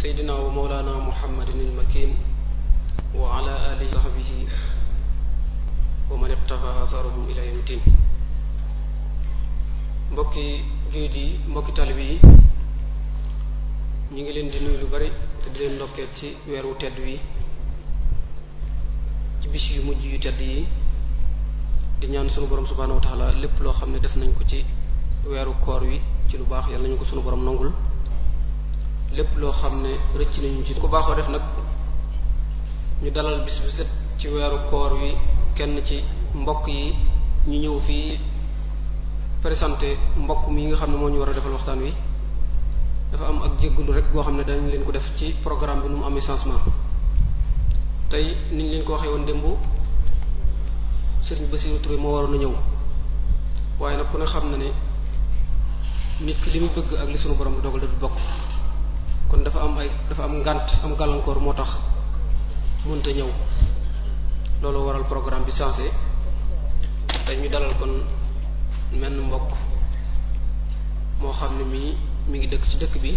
seydina wa mawlana muhammadin almakin wa ala alihi sahbihi wa man iqtafa asarahum ila yawmi din mbokki jullit yi mbokki talib yi ñu ngi leen di nuyu lu bari te di leen ndokkeel ci weeru tedd wi ci bis yu mujj yu tedd yi di ñaan sunu borom subhaanahu wa taala lépp loo xam ne def nañ ko ci weeru koor wi ci lu baax yàlla nañu ko sunu borom nangul lépp loo xam ne rëcc nañu ci ko baaxoo def nag ñu dalal bis ci weeru koor wi kenn ci mbokk yi ñu ñëw fii présenté mbokk mi nga xam ne moo ñu war a defal waxtaan wi dafa am ak jéggulu rek goo xam ne dañ leen ko def ci programme bi nu mu amee changement tey niñ leen ko waxee woon démb Serigne Bassirou Touré moo waroon a ñëw waaye nag ku ne xam na ne nit ki li mu bëgg ak li sunu borom dogal da du bokk kon dafa am ay dafa am ngànt am gàllankoor moo tax mënta ñëw loolu waral programme bi sensé tey ñu dalal kon menn mbokk moo xam ne mii mu ngi dëkk ci dëkk bi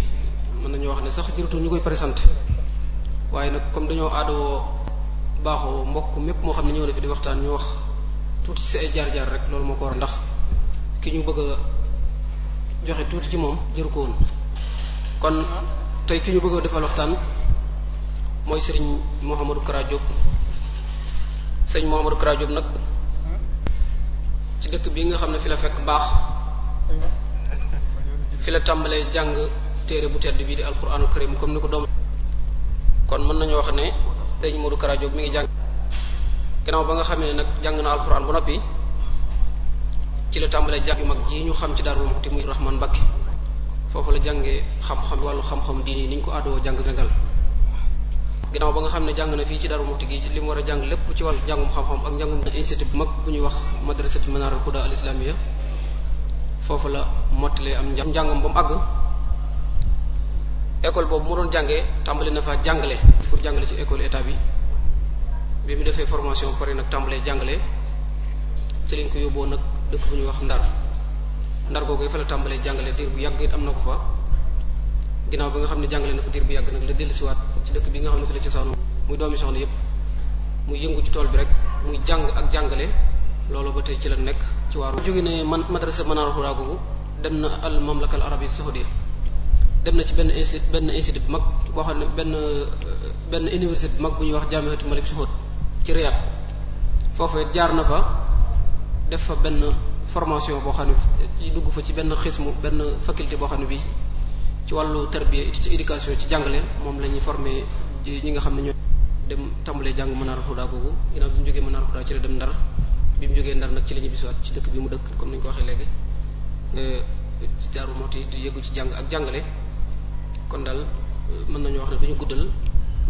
mën nañu wax ne sax jërëtul ñu koy présenté waaye nag comme dañoo aadoo baaxoo mbokk mépp moo xam ne ñëw na fi di waxtaan ñu wax tuuti ci ay jaar-jaar rek loolu moo ko war ndax ki ñu bëgg a joxe tuuti ci moom jëru ko woon kon tey ki ñu bëgg a defal waxtaan mooy sëriñ Mouhamadou Kara Diop sëriñ Mouhamadou Kara Diop nag ci dëkk bii nga xam ne fi la fekk baax fi la tàmbalee jàng téere bu tedd bii di alquranu karim comme ni ko doom kon mën nañu wax ne sëriñ Modou Kara Diop mi ngi jàng gannaaw ba nga xam ne nag jàng na alquran bu noppi ci la tàmbalee jàng yu mag ji ñu xam ci Darou Moukhty muy Rahman mbakki foofu la jàngee xam-xam wàllu xam-xam diini ni ko aadoo jàng-jàngal ginnaaw ba nga xam ne jàng na fii ci Darou Moukhty gi li mu war a jàng lépp ci wàllu njàngum xam-xam ak njàngum bu mag bu ñuy wax madrasatu manar al huda al islamiyya foofu la mottalee am njàngam ba mu àgg école boobu mu doon jàngee tàmbali na faa jàngale pour jàngale ci école état bi bi mu defee formation pare nag tàmbalee jàngale ci lañ ko yóbboo nag dëkk bu ñuy wax Ndar ndar googu fa la tàmbalee jàngale diir bu yàgg it am na ko fa ginnaaw bi nga xam ne jàngale na fa diir bu yàgg nag la siwaat ci dëkk bi nga xam ne fa la ci soxna muy doomi soxna yëpp muy yëngu ci tool bi rek mu jàng ak jàngale loolu ba tey ci la nekk ci waaru jóge ne man madrasa Manaarul Hudaa googu dem na al mamlaka al arabiyya saoudia dem na ci benn institut benn institut bu mag boo xam ne benn benn université bu mag bu ñuy wax jaamiatu Malik Suhud ci Riyad foofu jaar na fa def fa benn formation boo xam ne ci dugg fa ci benn mu benn faculté boo xam ne bi ci wàllu tarbiya ci éducation ci jàngale moom la ñuy ji ñi nga xam ne ñoo dem tàmbalee jàng Manaarul Hudaa googu ginnaaw bi mu jógee Manaarul Hudaa ci la dem Ndar bi mu jógee Ndar nag ci la ñu bisiwaat ci dëkk bi mu dëkk comme ni ñu ko waxee léegi euh, Daaru Muxti di yëgu ci jàng ak jàngale kon daal euh, mën nañu wax ne duñu guddal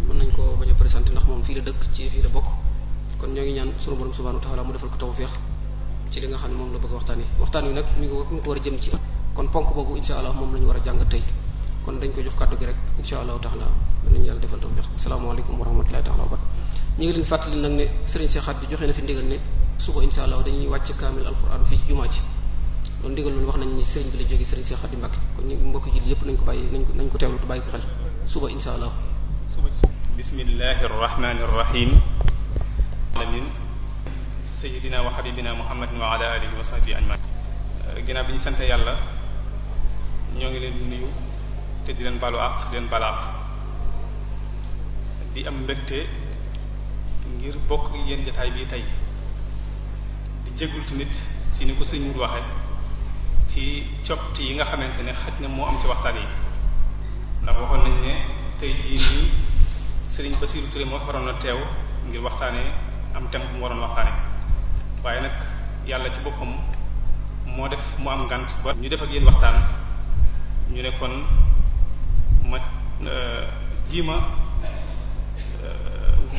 mën nañ koo bañ a présenté ndax moom fii la dëkk ci fii la bokk kon ñoo ngi ñaan sunu borom subhanahu wa ta'ala mu defal ko tawfiq ci li nga xam ne moom la bëgg waxtaan yi waxtaan wi nag mi ngi ko war a jëm ci kon ponk boobu insha allah moom la ñu war a jàng tey kon dañ koy jox kàddu gi rek insha allahu taala nañu yàlla defal tawfiq asalaamaaleykum wa rahmatullahi taala wa barakatuh ñu ngi leen fàttali nag ne sëriñ Cheikh Xaat bi joxe na fi ndigal ne suba insha allah dañuy wàcc kaamil alquran fii jumaa ji loolu ndigal loolu wax nañ ni sëriñ bi la jógee sëriñ Cheikh Xaat bi Mbàkke kon ñu mbokk jil yépp nañ ko bàyyi nañ ko nañ ko teewlu bàyyi ko xel suba insha allah bismillahi rahmani rahim sayidina wa habibina muhammadin wa wax alihi wa sahbihi ajmain euh, ginnaaw bi ñu sante yàlla ñoo ngi leen di nuyu te di leen balu àq di leen balu di am mbégte ngir bokk yéen jataay bii tey di jégul tamit ci ni ko sëñ Mourou waxe ci coppite yi nga xamante ne xaj na moo am ci waxtaan yi ndax waxoon nañ ne tey jii nii Serigne Bassirou Touré moo faroon na teew ngir waxtaanee am thème mu waroon waxtaanee waaye nag yàlla ci boppam moo def mu am ngant ba ñu def ak yéen waxtaan ñu ne kon ma euh, jiima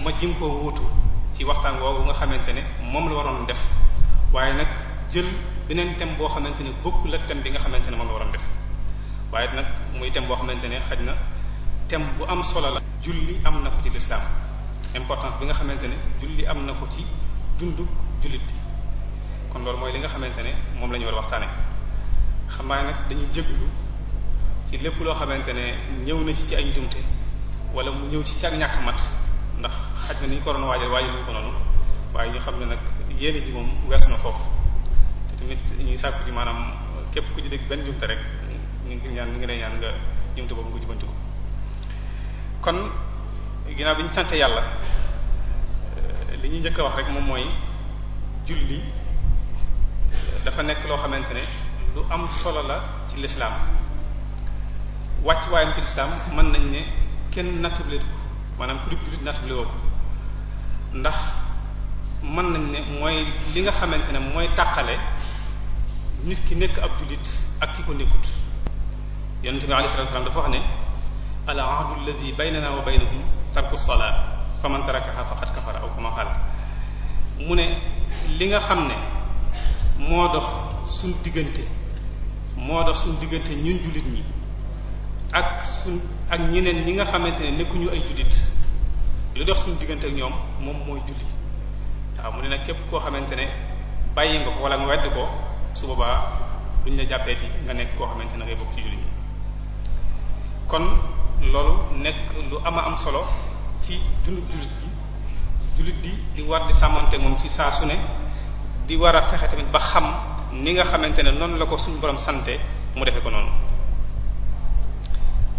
ma euh, jim koo wuutu ci waxtaan woowu nga xamante ne moom la waroon def waaye nag jël beneen thème boo xamante ne bokkul ak thème bi nga xamante ne moom la waroon def waaye nag muy thème boo xamante ne xaj na thème bu am solo la julli am na ko ci lislaam importance bi nga xamante ne julli am na ko ci dundu jullit bi kon loolu mooy li nga xamante ne moom la ñu war a waxtaane xam naa nag dañuy jéglu ci lépp loo xamante ne ñëw na ci ci ay njumte wala mu ñëw ci ci ak ñàkk mat ndax xaj na ni ñu ko doon waajal waajal ñu ko noonu waaye ñu xam ne nag yéene ji moom wees na foofu te tamit ñuy sàkku ci maanaam képp ku ci dégg benn njumte rek ñu ngi ñaan ñu ngi lay ñaan nga njumte boobu nga ko kon ginnaaw bi ñu sante yàlla li ñuy njëkk a wax rek moom mooy julli dafa nekk loo xamante ne lu am solo la ci lislaam wàcc waayam ci lislaam mën nañ ne kenn natable ko maanaam ku dib jullit natable ko ndax mën nañ ne mooy li nga xamante ne mooy tàqale nit ki nekk ab jullit ak ki ko nekkut yonente bi alayhi salaam dafa wax ne al ahdu alladi baynana wa baynahum tarku salaa faman tarakaha faqad kafara aw kama qaal mu ne li nga xam ne moo dox suñ diggante moo dox suñ diggante ñun jullit ñi ak suñ ak ñeneen ñi nga xamante ne nekkuñu ay jullit lu dox suñ diggante ak ñoom moom mooy julli waaw mu ne nag képp koo xamante ne bàyyi nga ko wala nga wedd ko su boobaa duñ la jàppeeti nga nekk koo xamante ne ngay bokk ci julli ñi kon loolu nekk lu ama am solo ci dundu jullit gi jullit bi di war di sàmmante moom ci saa su ne di war a fexe tamit ba xam ni nga xamante ne noonu la ko suñ borom sante mu defe ko noonu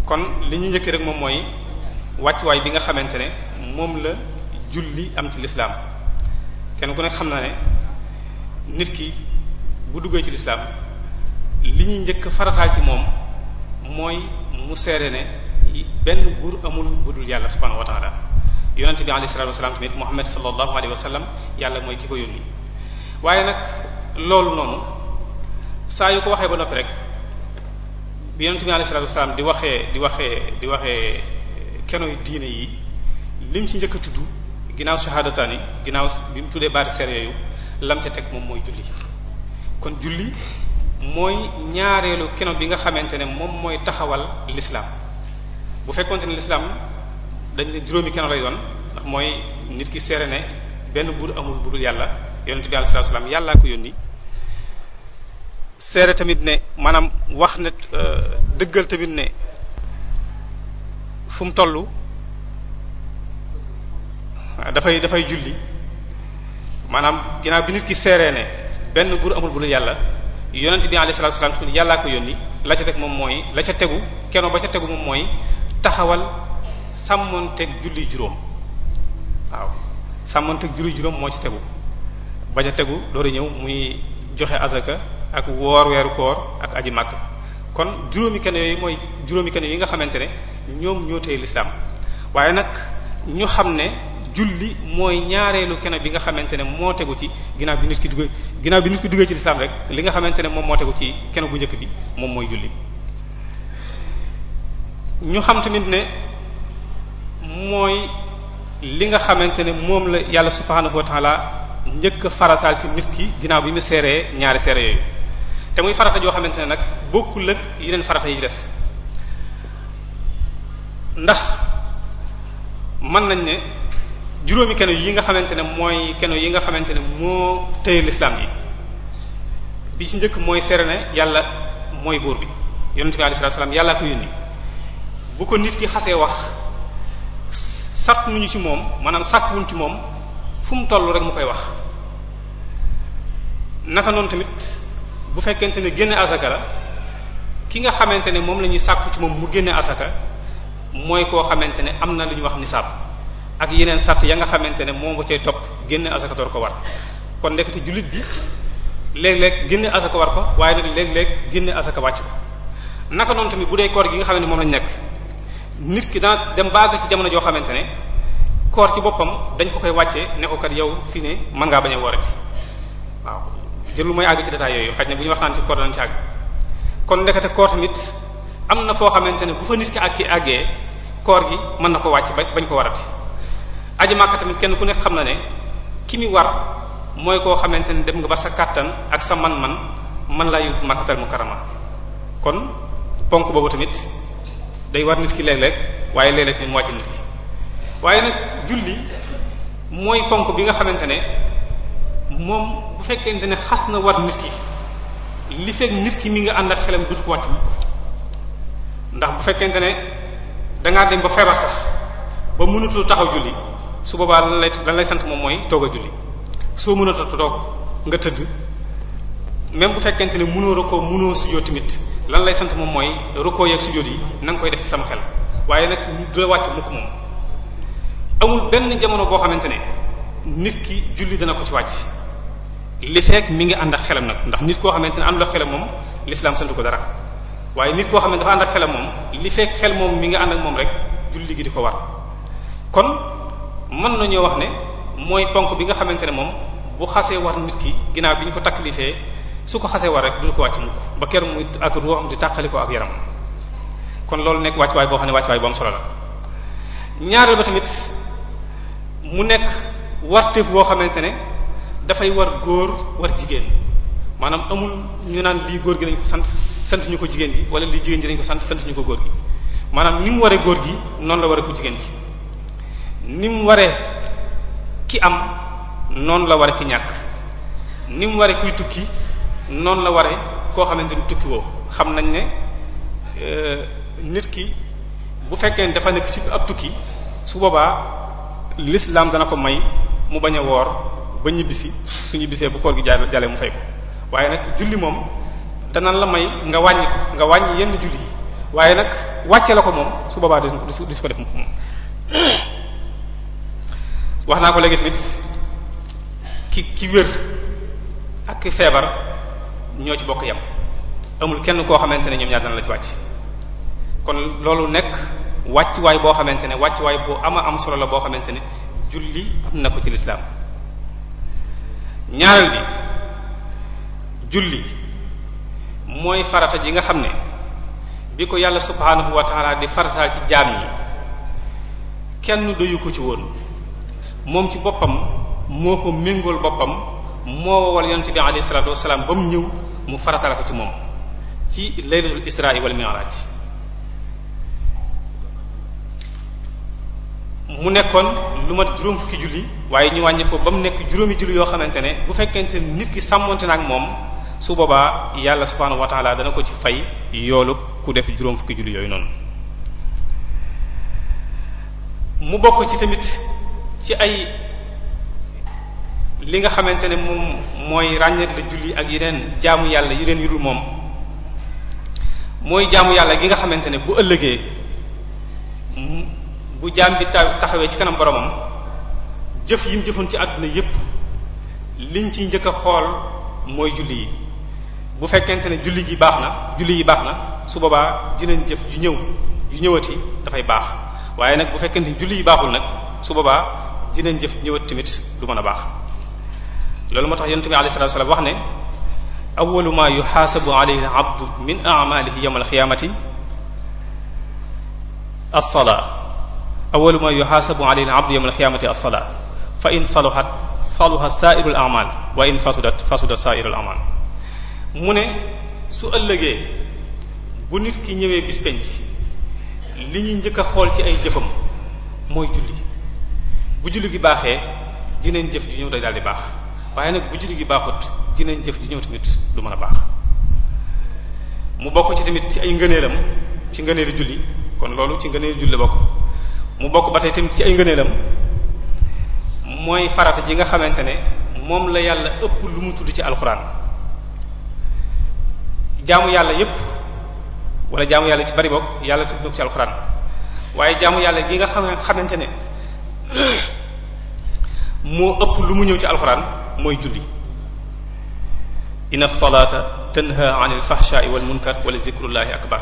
kon li ñu njëkk rek moom mooy wàccuwaay bi nga xamante ne moom la julli am ci lislaam kenn ku ne xam na ne nit ki bu duggee ci lislaam li ñuy njëkk farataal ci moom mooy mu seere ne benn buur amul budul yàlla subhanahu wa ta'ala yonent bi alayhi salaatu wasalaam tamit Muhammad sallallahu alayhi wa sallam yàlla mooy ki ko yónni nag loolu noonu saa yu ko waxee ba noppi rek bi yonent bi alayhi salaatu wasalaam di waxee di waxee di waxee yu diine yi lim ci njëkk a tudd ginnaaw shahaadataani ginnaaw bi mu tuddee baati seer yooyu lam ca teg moom mooy julli kon julli mooy ñaareelu keno bi nga xamante ne moom mooy taxawal l'islam bu fekkonte ne l'islam dañ leen juróomi kenn lay doon ndax mooy nit ki seere ne benn buur amul budul yàlla yonent bi sallallahu alayhi wasallam yàllaa tamit ne maanaam wax ne euh, dëggal tamit ne fu toll dafay dafay julli maanaam ginnaaw bi nit ki seeree ne benn buur amul yàlla yonent bi alayhi salaatu wasallam yàllaa ko yónni la ca teg moom mooy la ca tegu kenn ba ca tegu moom mooy taxawal sàmmoonteeg julli juróom waaw sàmmoonteeg julli juróom moo ci tegu ba ca tegu door ñëw muy joxe azaka ak woor weeru koor ak aji mag kon juróomi kenn yooyu mooy juróomi kenn yi nga xamante ne ñoom ñoo téye lislaam waaye nag ñu xam ne julli mooy ñaareelu kenn bi xamante ne moo tegu ci ginnaaw bi nit ki duggee ginnaaw bi nit ki duggee ci lislaam rek li nga xamante ne moom moo tegu ci kenn bu njëkk bi moom mooy julli ñu xam tamit ne mooy li nga xamante ne moom la yàlla subhaanahu wa taala njëkk farataal ci nit ki ginnaaw bi mu seeree ñaari seere yooyu te muy farata joo xamante ne nag bokkul ak yeneen farata yi des ndax mën nañ ne juróomi keno yi nga xamante ne mooy keno yi nga xamante ne moo téye lislaam yi bi ci njëkk mooy seere ne yàlla mooy buur bi yonent bi alayhi salaam yàllaa ko yónni bu ko nit ki xasee wax sàkkuñu ci moom maanaam sàkkuwuñ ci moom fu mu toll rek mu koy wax naka noonu tamit bu fekkente ne génne asaka la ki nga xamante ne moom la ñuy sàkku ci moom mu génne asaka mooy koo xamante ne am na lu ñuy wax nisaab ak yeneen sàrt ya nga xamante ne moom ba cay topp génne asaka door ko war kon ndekete jullit bi léeg-léeg génne asaka war ko waaye nag léeg-léeg génne asaka wàcc ko naka noonu tamit bu dee koor gi nga xam ne moom lañ nekk nit ki dana dem bàgg ci jamono joo xamante ne koor ci boppam dañ ko koy wàcce ne ko yow fii ne mën ngaa bañ a woorati waaw jëlul mooy àgg ci détails yooyu xaj ne bu ñu waxtaan ci koor danañ ci àgg kon ndekete koor tamit am na foo xamante ne bu fa nit ki àgg àggee koor gi mën na ko wàcc bañ ko warati aju Makka tamit kenn ku nekk xam na ne ki mi war mooy koo xamante ne dem nga ba sa kàttan ak sa man-man man laa yóbbu Makkatal Mukarrama boobu tamit day war nit ki léeg-léeg waaye léeg-léeg mu wàcc nit ki waaye nag julli mooy ponk bi nga xamante ne moom bu fekkente ne xas na war nit ki li fekk nit ki mi nga ànd ak xelam du ko wàcc ndax bu fekkente ne dangaa dem ba feebar sax ba mënatul taxaw julli su boobaa lan lay moom mooy toog a julli soo mënata toog nga tëdd même bu fekkente ne mënoo rekoo mënoo sujjóot tamit lan lay sant moom mooy rukkoo yeeg sujjóot yi na nga koy def ci sama xel waaye nag du la wàcc mukk moom amul benn jamono boo xamante ne nit ki julli dana ko ci wàcc li mi ngi ànd ak xelem nag ndax nit koo xamante ne àndul ak xelam moom lislaam sant ko dara waaye nit koo xam ne dafa ànd ak xelam moom li xel moom mi ngi ànd ak moom rek julli gi di ko war kon mën nañoo wax ne mooy ponk bi nga xamante ne moom bu xasee war nit ki ginnaaw bi ñu ko taklifee su ko xasee war rek du ko wàcc mu ba ker muy ak ruuxam di tàqali ko ak yaram kon loolu nekk wàccuwaay boo xam ne wàccuwaay bu am solo la ñaareel ba tamit mu nekk warteef boo xamante ne dafay war góor war jigéen maanaam amul ñu naan lii góor gi dañ ko sant sant ñu ko jigéen ji wala li jigéen ji dañ ko sant sant ñu ko góor gi maanaam ni mu waree góor gi noonu la waree ko jigéen ji ni mu waree ki am noonu la waree ki ñàkk ni mu waree kuy tukki. noonu la waree koo xamante ni tukki woo xam nañ ne euh, nit ki bu fekkee ne dafa nekk ci ab tukki su boobaa l'islam dana ko may mu bañ a woor ba ñibbisi su ñibbisee bu koor gi jaar jàllee mu fay ko waaye nag julli moom dana la may nga wàññi nga wàññi yenn julli waaye nag wàcce la ko moom su boobaa du du ko def moom wax naa ko léegi tamit ki ki wér ak ki feebar ñoo ci bokk yam amul kenn koo xamante ne ñoom ñaar dana la ci wàcc kon loolu nekk wàccuwaay boo xamante ne wàccuwaay bu ama am solo la boo xamante ne julli am na ko ci lislaam ñaareel bi julli mooy farata ji nga xam ne bi ko yàlla subhaanahu wa taala di farataal ci jaam yi kenn doyu ko ci woon moom ci boppam moo ko méngool boppam moo wowal yonent bi alayhi salaatu wasalaam ba mu ñëw mu faratala ko ci moom ci laylatul israa wal mi'raaj mu nekkoon lu mat juróom fukki julli waaye ñu wàññi ba mu nekk juróomi julli yoo xamante ne bu fekkente nit ki sàmmonte na ak moom su boobaa yàlla subhaanahu wa ta'ala dana ko ci fay yoolu ku def juróom fukki julli yooyu noonu mu bokk ci tamit ci ay li nga xamante ne moom mooy ràññeet la julli ak yeneen jaamu yàlla yeneen yu dul moom mooy jaamu yàlla gi nga xamante ne bu ëllëgee bu jaam bi taxawee ci kanam boromam jëf yi mu ci àdduna yépp liñ ci njëkk a xool mooy julli yi bu fekkente ne julli gi baax na julli yi baax na su boobaa dinañ jëf yu ñëw yu ñëwati dafay baax waaye nag bu fekkente ne julli baaxul nag su boobaa dinañ jëf ñëwat tamit du mën a baax loolu moo tax yonent bi alayhi salaatu wa salaam wax ne awwalu ma yuhaasabu alayhi abdu min a'maalihi yawmal qiyaamati as-salaa awwalu ma yuhaasabu alayhi abdu yawmal qiyaamati as-salaa fa in saluhat saluha saa'irul a'maal wa in fasudat fasuda saa'irul a'maal mu ne su ëllëgee bu nit ki ñëwee bis penc li ñuy njëkk a xool ci ay jëfam mooy julli bu julli gi baaxee dinañ jëf yu ñëw day daal di baax waaye nag bu julli gi baaxut dinañ jëf di ñëw tamit du mën a baax mu bokk ci tamit ci ay ngëneelam ci ngëneelu julli kon loolu ci ngëneelu julli bokk mu bokk ba tey ci ay ngëneelam mooy farata ji nga xamante ne moom la yàlla ëpp lu mu tudd ci alxuraan jaamu yàlla yépp wala jaamu yàlla ci bari bokk yàlla tudd ci alxuraan waaye jaamu yàlla gi nga xam xamante ne moo ëpp lu mu ñëw ci alxuraan mooy julli inna salata tanha anil fahsha'i wal munkar wala zikrullahi akbar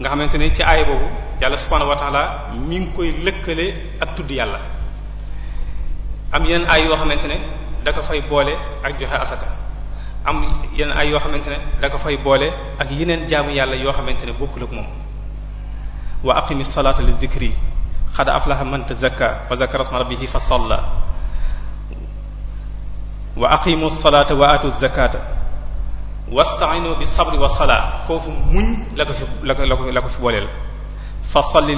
nga xamante ne ci aay boobu yàlla mi ngi koy lëkkale ak tudd yàlla am yeneen ay yoo xamante ne da fay boole ak joxe asaka am yeneen ay yoo xamante ne da fay boole ak yeneen jaamu yàlla yoo xamante ne bokkul ak moom wa aqimi salata li dhikri qad aflaha man tazakka wa dhakara isma rabbihi fa salla waa aqimu salaata wa atu zakata wasta'inu bis sabri was salaa foofu muñ la fa salli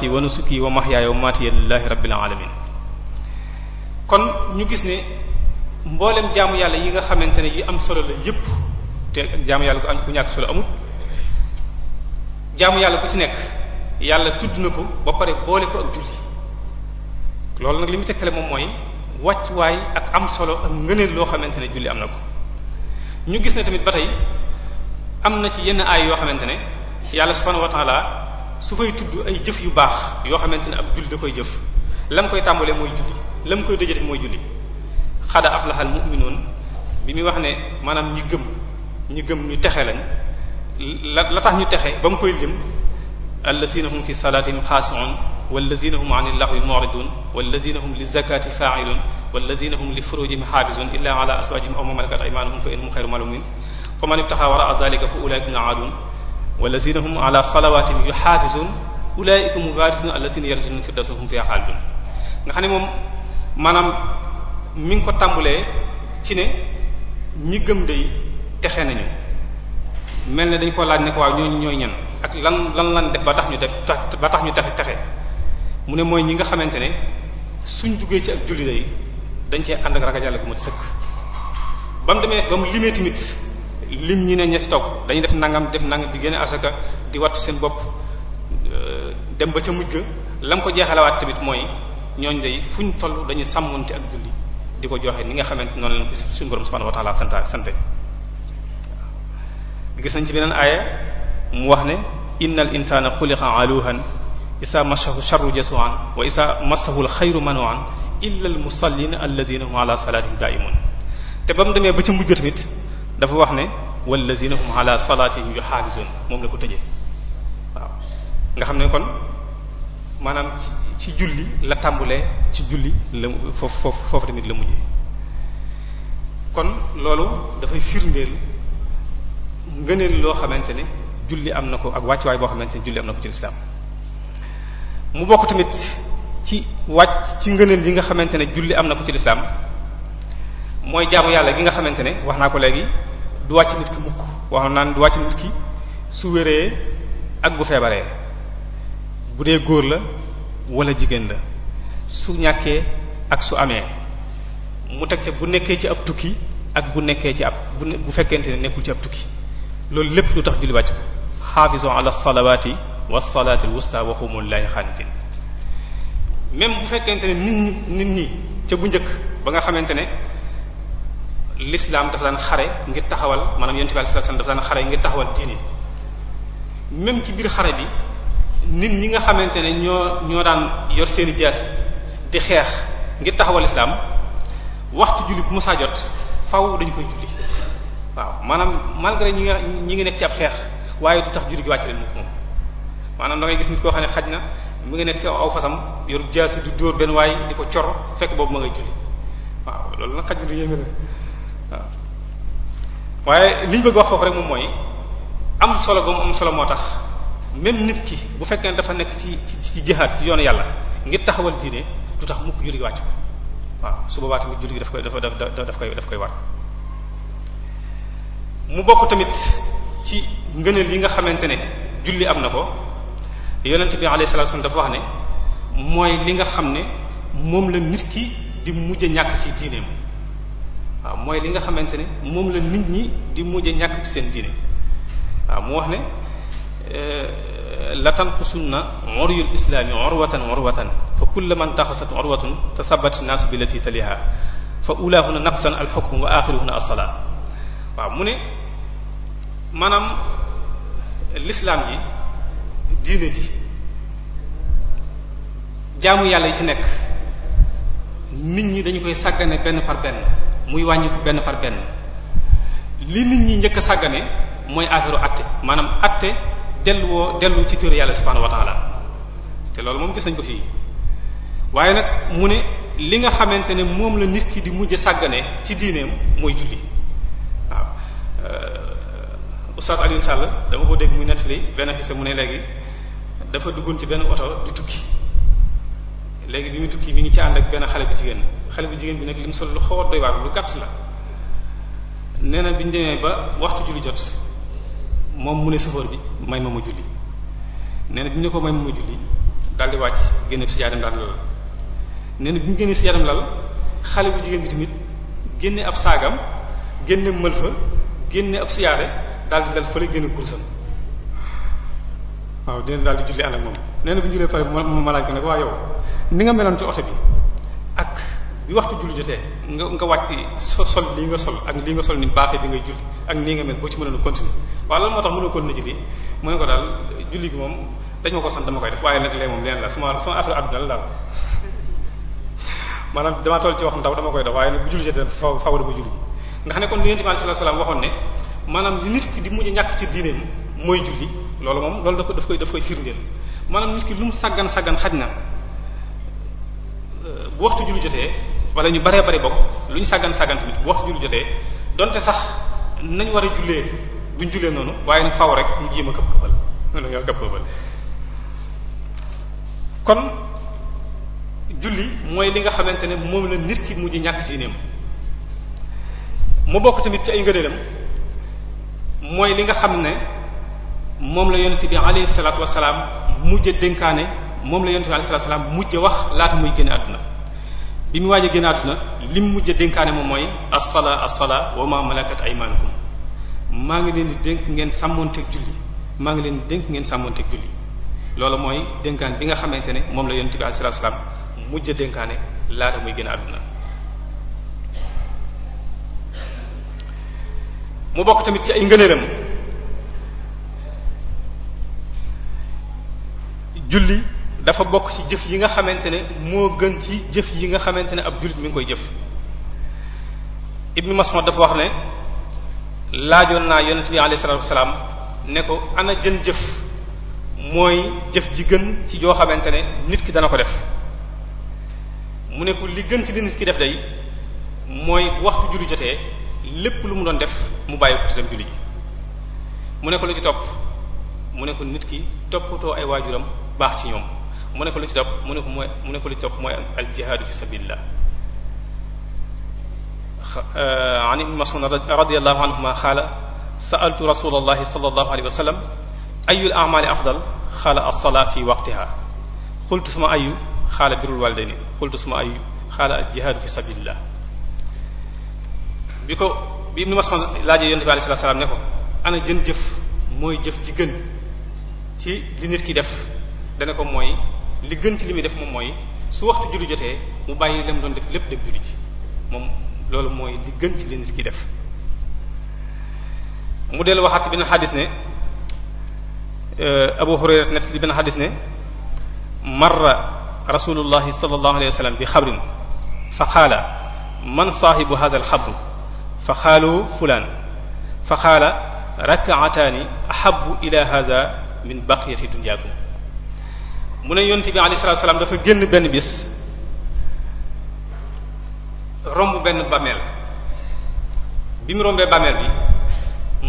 li wa nusuki wa mahyaaya wa mamaati lillahi rabbil ñu gis ne mboolem jaamu yàlla yi nga xamante ne yi am solo la yépp te yàlla ku am ku yàlla ku ci nekk yàlla tudd na ko ba pare boole ko ak julli loolu nag li mu tegtale moom mooy wàccuwaay ak am solo ak ngëneel loo xamante ne julli am na ko ñu gis ne tamit ba tey am na ci yenn aay yoo xamante ne yàlla subhanahu wa ta'ala su koy tudd ay jëf yu baax yoo xamante ne ab julli da koy jëf lam koy tàmbalee mooy julli lam koy dëjëte mooy julli xada aflahal mu'minuun bi muy wax ne maanaam ñi gëm ñi gëm ñu texe lañ la la tax ñu texe ba mu koy lim allazina hum fi salatihim xaasiun wallazina hum anil lahwi muridun wallazina hum lizakati fa'ilun wallazina hum li furujihim hafizun illa ala azwajihim aw ma malakat aymanuhum fa innahum khayru malumin faman ibtaxa wara'a zalika fa ulaika aadun wallazina hum ala salawatihim yuhafizun ulaika hum warithun allazina yarithun firdawsa hum fiha khalidun nga xam ne moom maanaam mi ngi ko tàmbulee ci ne ñi gëm day texe nañu mel ne dañ ko laaj ne ko waaw ñooñu ñooy ñan ak lan lan lan def ba tax ñu def ba tax ñu texe texe mu ne mooy ñi nga xamante ne suñ duggee ci ak jullit yi dañ cee ànd ak ragal yàlla bu mat sëkk ba mu demee ba mu limee tamit lim ñi ne ña si toog dañuy def nangam def nangam di génne asaka di wattu seen bopp euh, dem ba ca mujj ga lam ko jeexalawaat tamit mooy ñooñ de fu ñu toll dañuy ci ak julli di ko joxe ni nga xamante noonu leen ko suñu borom subhanahu wa ta'ala sant sante gis nañ ci beneen aaya mu wax ne innal insana xuliqa aluhan isa massahu sharru jasuan wa isa massahu al xayru manuan illa al musallina alladina hum ala salatihim daimun te ba mu demee ba ci mujj dafa wax ne walladina hum ala salatihim yuhafizun moom la ko tëjee xam ne kon maanaam ci julli la tàmbule ci julli la foofu foofu tamit la mujjee kon loolu dafay firndeel ngëneel loo xamante ne julli am na ko ak wàccuwaay boo xamante ne julli am na ko ci lislaam mu bokk tamit ci wàcc ci ngëneel yi nga xamante ne julli am na ko ci lislaam mooy jaamu yàlla gi nga xamante ne wax naa ko léegi du wàcc nit ki mukk wax naa du wàcc nit ki su wéree ak bu feebaree bu dee góor la wala jigéen la su ñàkkee ak su amee mu teg ca bu nekkee ci ab tukki ak bu nekkee ci ab bu fekkente ne nekkul ci ab tukki loolu lépp lu tax julli wàcc ko xaafisu ala salawaati wasalaati alwusta wa xumul lay xaanitin même bu fekkente ne nit ñi nit ñi ca bu njëkk ba nga xamante ne l'islam dafa daan xare ngir taxawal maanaam yonent bi sallallahu alayhi wasallam dafa daan xare ngir taxawal diini même ci biir xare bi nit ñi nga xamante ne ñoo ñoo daan yor seeni jaas di xeex ngir taxawal islam waxtu julli bu musaa jot faw dañu koy julli waaw maanaam malgré ñi nga ñi ngi nekk ci ab xeex waaye du tax julli gi wàcc leen mukk moom maanaam da ngay gis nit koo xam ne xaj na mu ngi nekk ci aw fasam yor jaasi du jóor benn waay di ko cor fekk boobu ma ngay julli waaw loolu nag xaj na du yéeme la waaw waaye liñ bëgg wax foofu rek moom mooy am solo ba solo moo tax même nit ki bu fekkee ne dafa nekk ci ci jihaad ci yoonu yàlla ngir taxawal diine du tax mukk julli gi wàcc ko waaw su boobaa tamit julli gi daf koy daf daf daf koy daf koy war mu bokk tamit ci ngëneel yi nga xamante ne julli am na ko yonent bi alayhi salatu wasallam dafa wax ne mooy li nga xam ne moom la nit ki di mujj ñàkk ci diineem mooy li nga xamante ne moom la nit ñi di mujj a ñàkk seen diine waaw mu wax ne euh, la tanqusunna uriyul islaami urwatan urwatan fa kullaman taxasat urwatun tasabat naasu billati taliha fa ulaahuna naqsan alxukm wa axiruhuna assalaa waaw mu ne maanaam lislaam yi diine ji jaamu yàlla yi ci nekk nit ñi dañu koy sàggane benn par benn muy wàññiku benn par benn li nit ñi njëkk a sàggane mooy affaire u àtte maanaam àtte delluwoo dellu ci téere yàlla subhaanahu te loolu moom gis nañ ko fii waaye nag mu ne li nga xamante ne moom la nit ki di mujj sàggane ci diineem mooy julli waaw euh, Oustaz Alioune Sall dama ko dégg muy nettali benn xisa mu ne léegi dafa duggoon ci benn oto di tukki léegi bi muy tukki mi ngi ci ànd ak benn xale bu jigéen xale bi jigéen bi nag li mu sol lu xaw a doy lu gàtt la nee na bi ñu demee ba waxtu julli jot moom mu ne sëfoor bi may ma ma julli nee bi ñu ne ko may ma ma julli daldi wàcc génne si yaadam daal lal nee na bi ñu génnee si yaadam lal xale bu jigéen bi tamit génne ab saagam génne mëlfa génne ab siyaare daal di dal fële génn kursam waaw dina daal di julli ànd ak moom nee na bu ñu jullee pare mu ma laaj ko ne waa yow ni nga meloon ci oto bi ak bi waxtu julli jotee nga nga wàcc so sol lii nga sol ak lii nga sol ni baaxee bi ngay julli ak nii nga mel boo ci mënoon a continuer waaw loolu moo tax mënoo continuer julli mu ne ko daal julli gi moom dañ ma ko sant dama koy def waaye nag lee moom leen la sama sama affaire àdduna la daal maanaam damaa toll ci wax ndaw dama koy def waaye nag bu julli jotee faw faw da ko julli ji nga xam ne kon li Yonent bi sallallahu alayhi wasallam waxoon ne maanaam li nit ki di mujj ñàkk ci diineem mooy julli loolu moom loolu da ko koy daf koy firndeel maanaam nit ki lu sàggan sàggan xaj na euh, bu waxtu julli jotee wala ñu baree bari bokk lu ñu sàggan sàggan tamit bu waxtu julli jotee donte sax nañ war a jullee duñ jullee noonu waaye nag faw rek ñu jéem a këpp këppal noonu ñoo këpp këppal kon julli mooy li nga xamante ne moom la nit ki mujj ñàkk ci diineem mu bokk tamit ci ay ngëneelam mooy li nga xam ne moom la yonent bi alayhi salaatu wasalaam mujj a dénkaane moom la yonent bi alayhi salaatu wasalaam mujj a wax laata muy génn àdduna bi mu waaj a génn àdduna lim mujj a dénkaane moom mooy assalaa assalaa wa ma ay aymaanukum maa ngi leen di dénk ngeen sàmmoonteeg julli maa ngi leen di dénk ngeen sàmmoonteeg julli loolu mooy dénkaan bi nga xamante ne moom la yonent bi alayhi salaatu wasalaam mujj a dénkaane laata muy génn àdduna mu bokk tamit ci ay ngëneelam julli dafa bokk ci jëf yi nga xamante ne moo gën ci jëf yi nga xamante ne ab jullit mi ngi koy jëf ibnu Mas'ud dafa wax ne laajoon naa yonent bi alayhi salaatu wasalaam ne ko ana jën jëf mooy jëf ji gën ci joo xamante ne nit ki dana ko def mu ne ko li gën ci li nit ki def day mooy waxtu julli jotee lépp lu mu doon def mu bàyyi ko ci dem julli ji mu ne ko lu ci topp mu ne ko nit ki toppatoo ay waajuram baax ci ñoom mu ne ko lu ci topp mu ne ko mooy mu ne ko lu ci topp mooy al jihaadu fi sabilillah euh, an ibn Mas'ud radiyallahu anhuma qaala sa'altu rasulallahi sallallahu alayhi wa sallam ayyul a'maali afdal qaala as-salaatu fi waqtiha qultu suma ayyu qaala birrul waalidayni qultu suma ayyu qaala al jihaadu fi sabilillah bi ko bi mu Mas'ud laajee yonent bi alayhi salaatu salaam ne ko ana jën jëf mooy jëf ci gën ci li nit ki def dana ko mooy li gën ci li muy def moom mooy su waxtu julli jotee mu bàyyi lem doon def lépp dem julli ci moom loolu mooy li gën ci li nit ki def mu del waxaat ci benn xadis ne Abu Hurayra net li benn xadis ne marra rasulullahi sallallahu alayhi wa sallam bi xabrin fa qaala man saahibu hadha al xabr fa xaalu fulaan fa xaala rakaataani ahabu ila hada min baqiyati duniyaakum mu ne yonent bi alayhi salaatu dafa génn benn bis romb benn bàmmeel bi mu rombee bàmmeel bi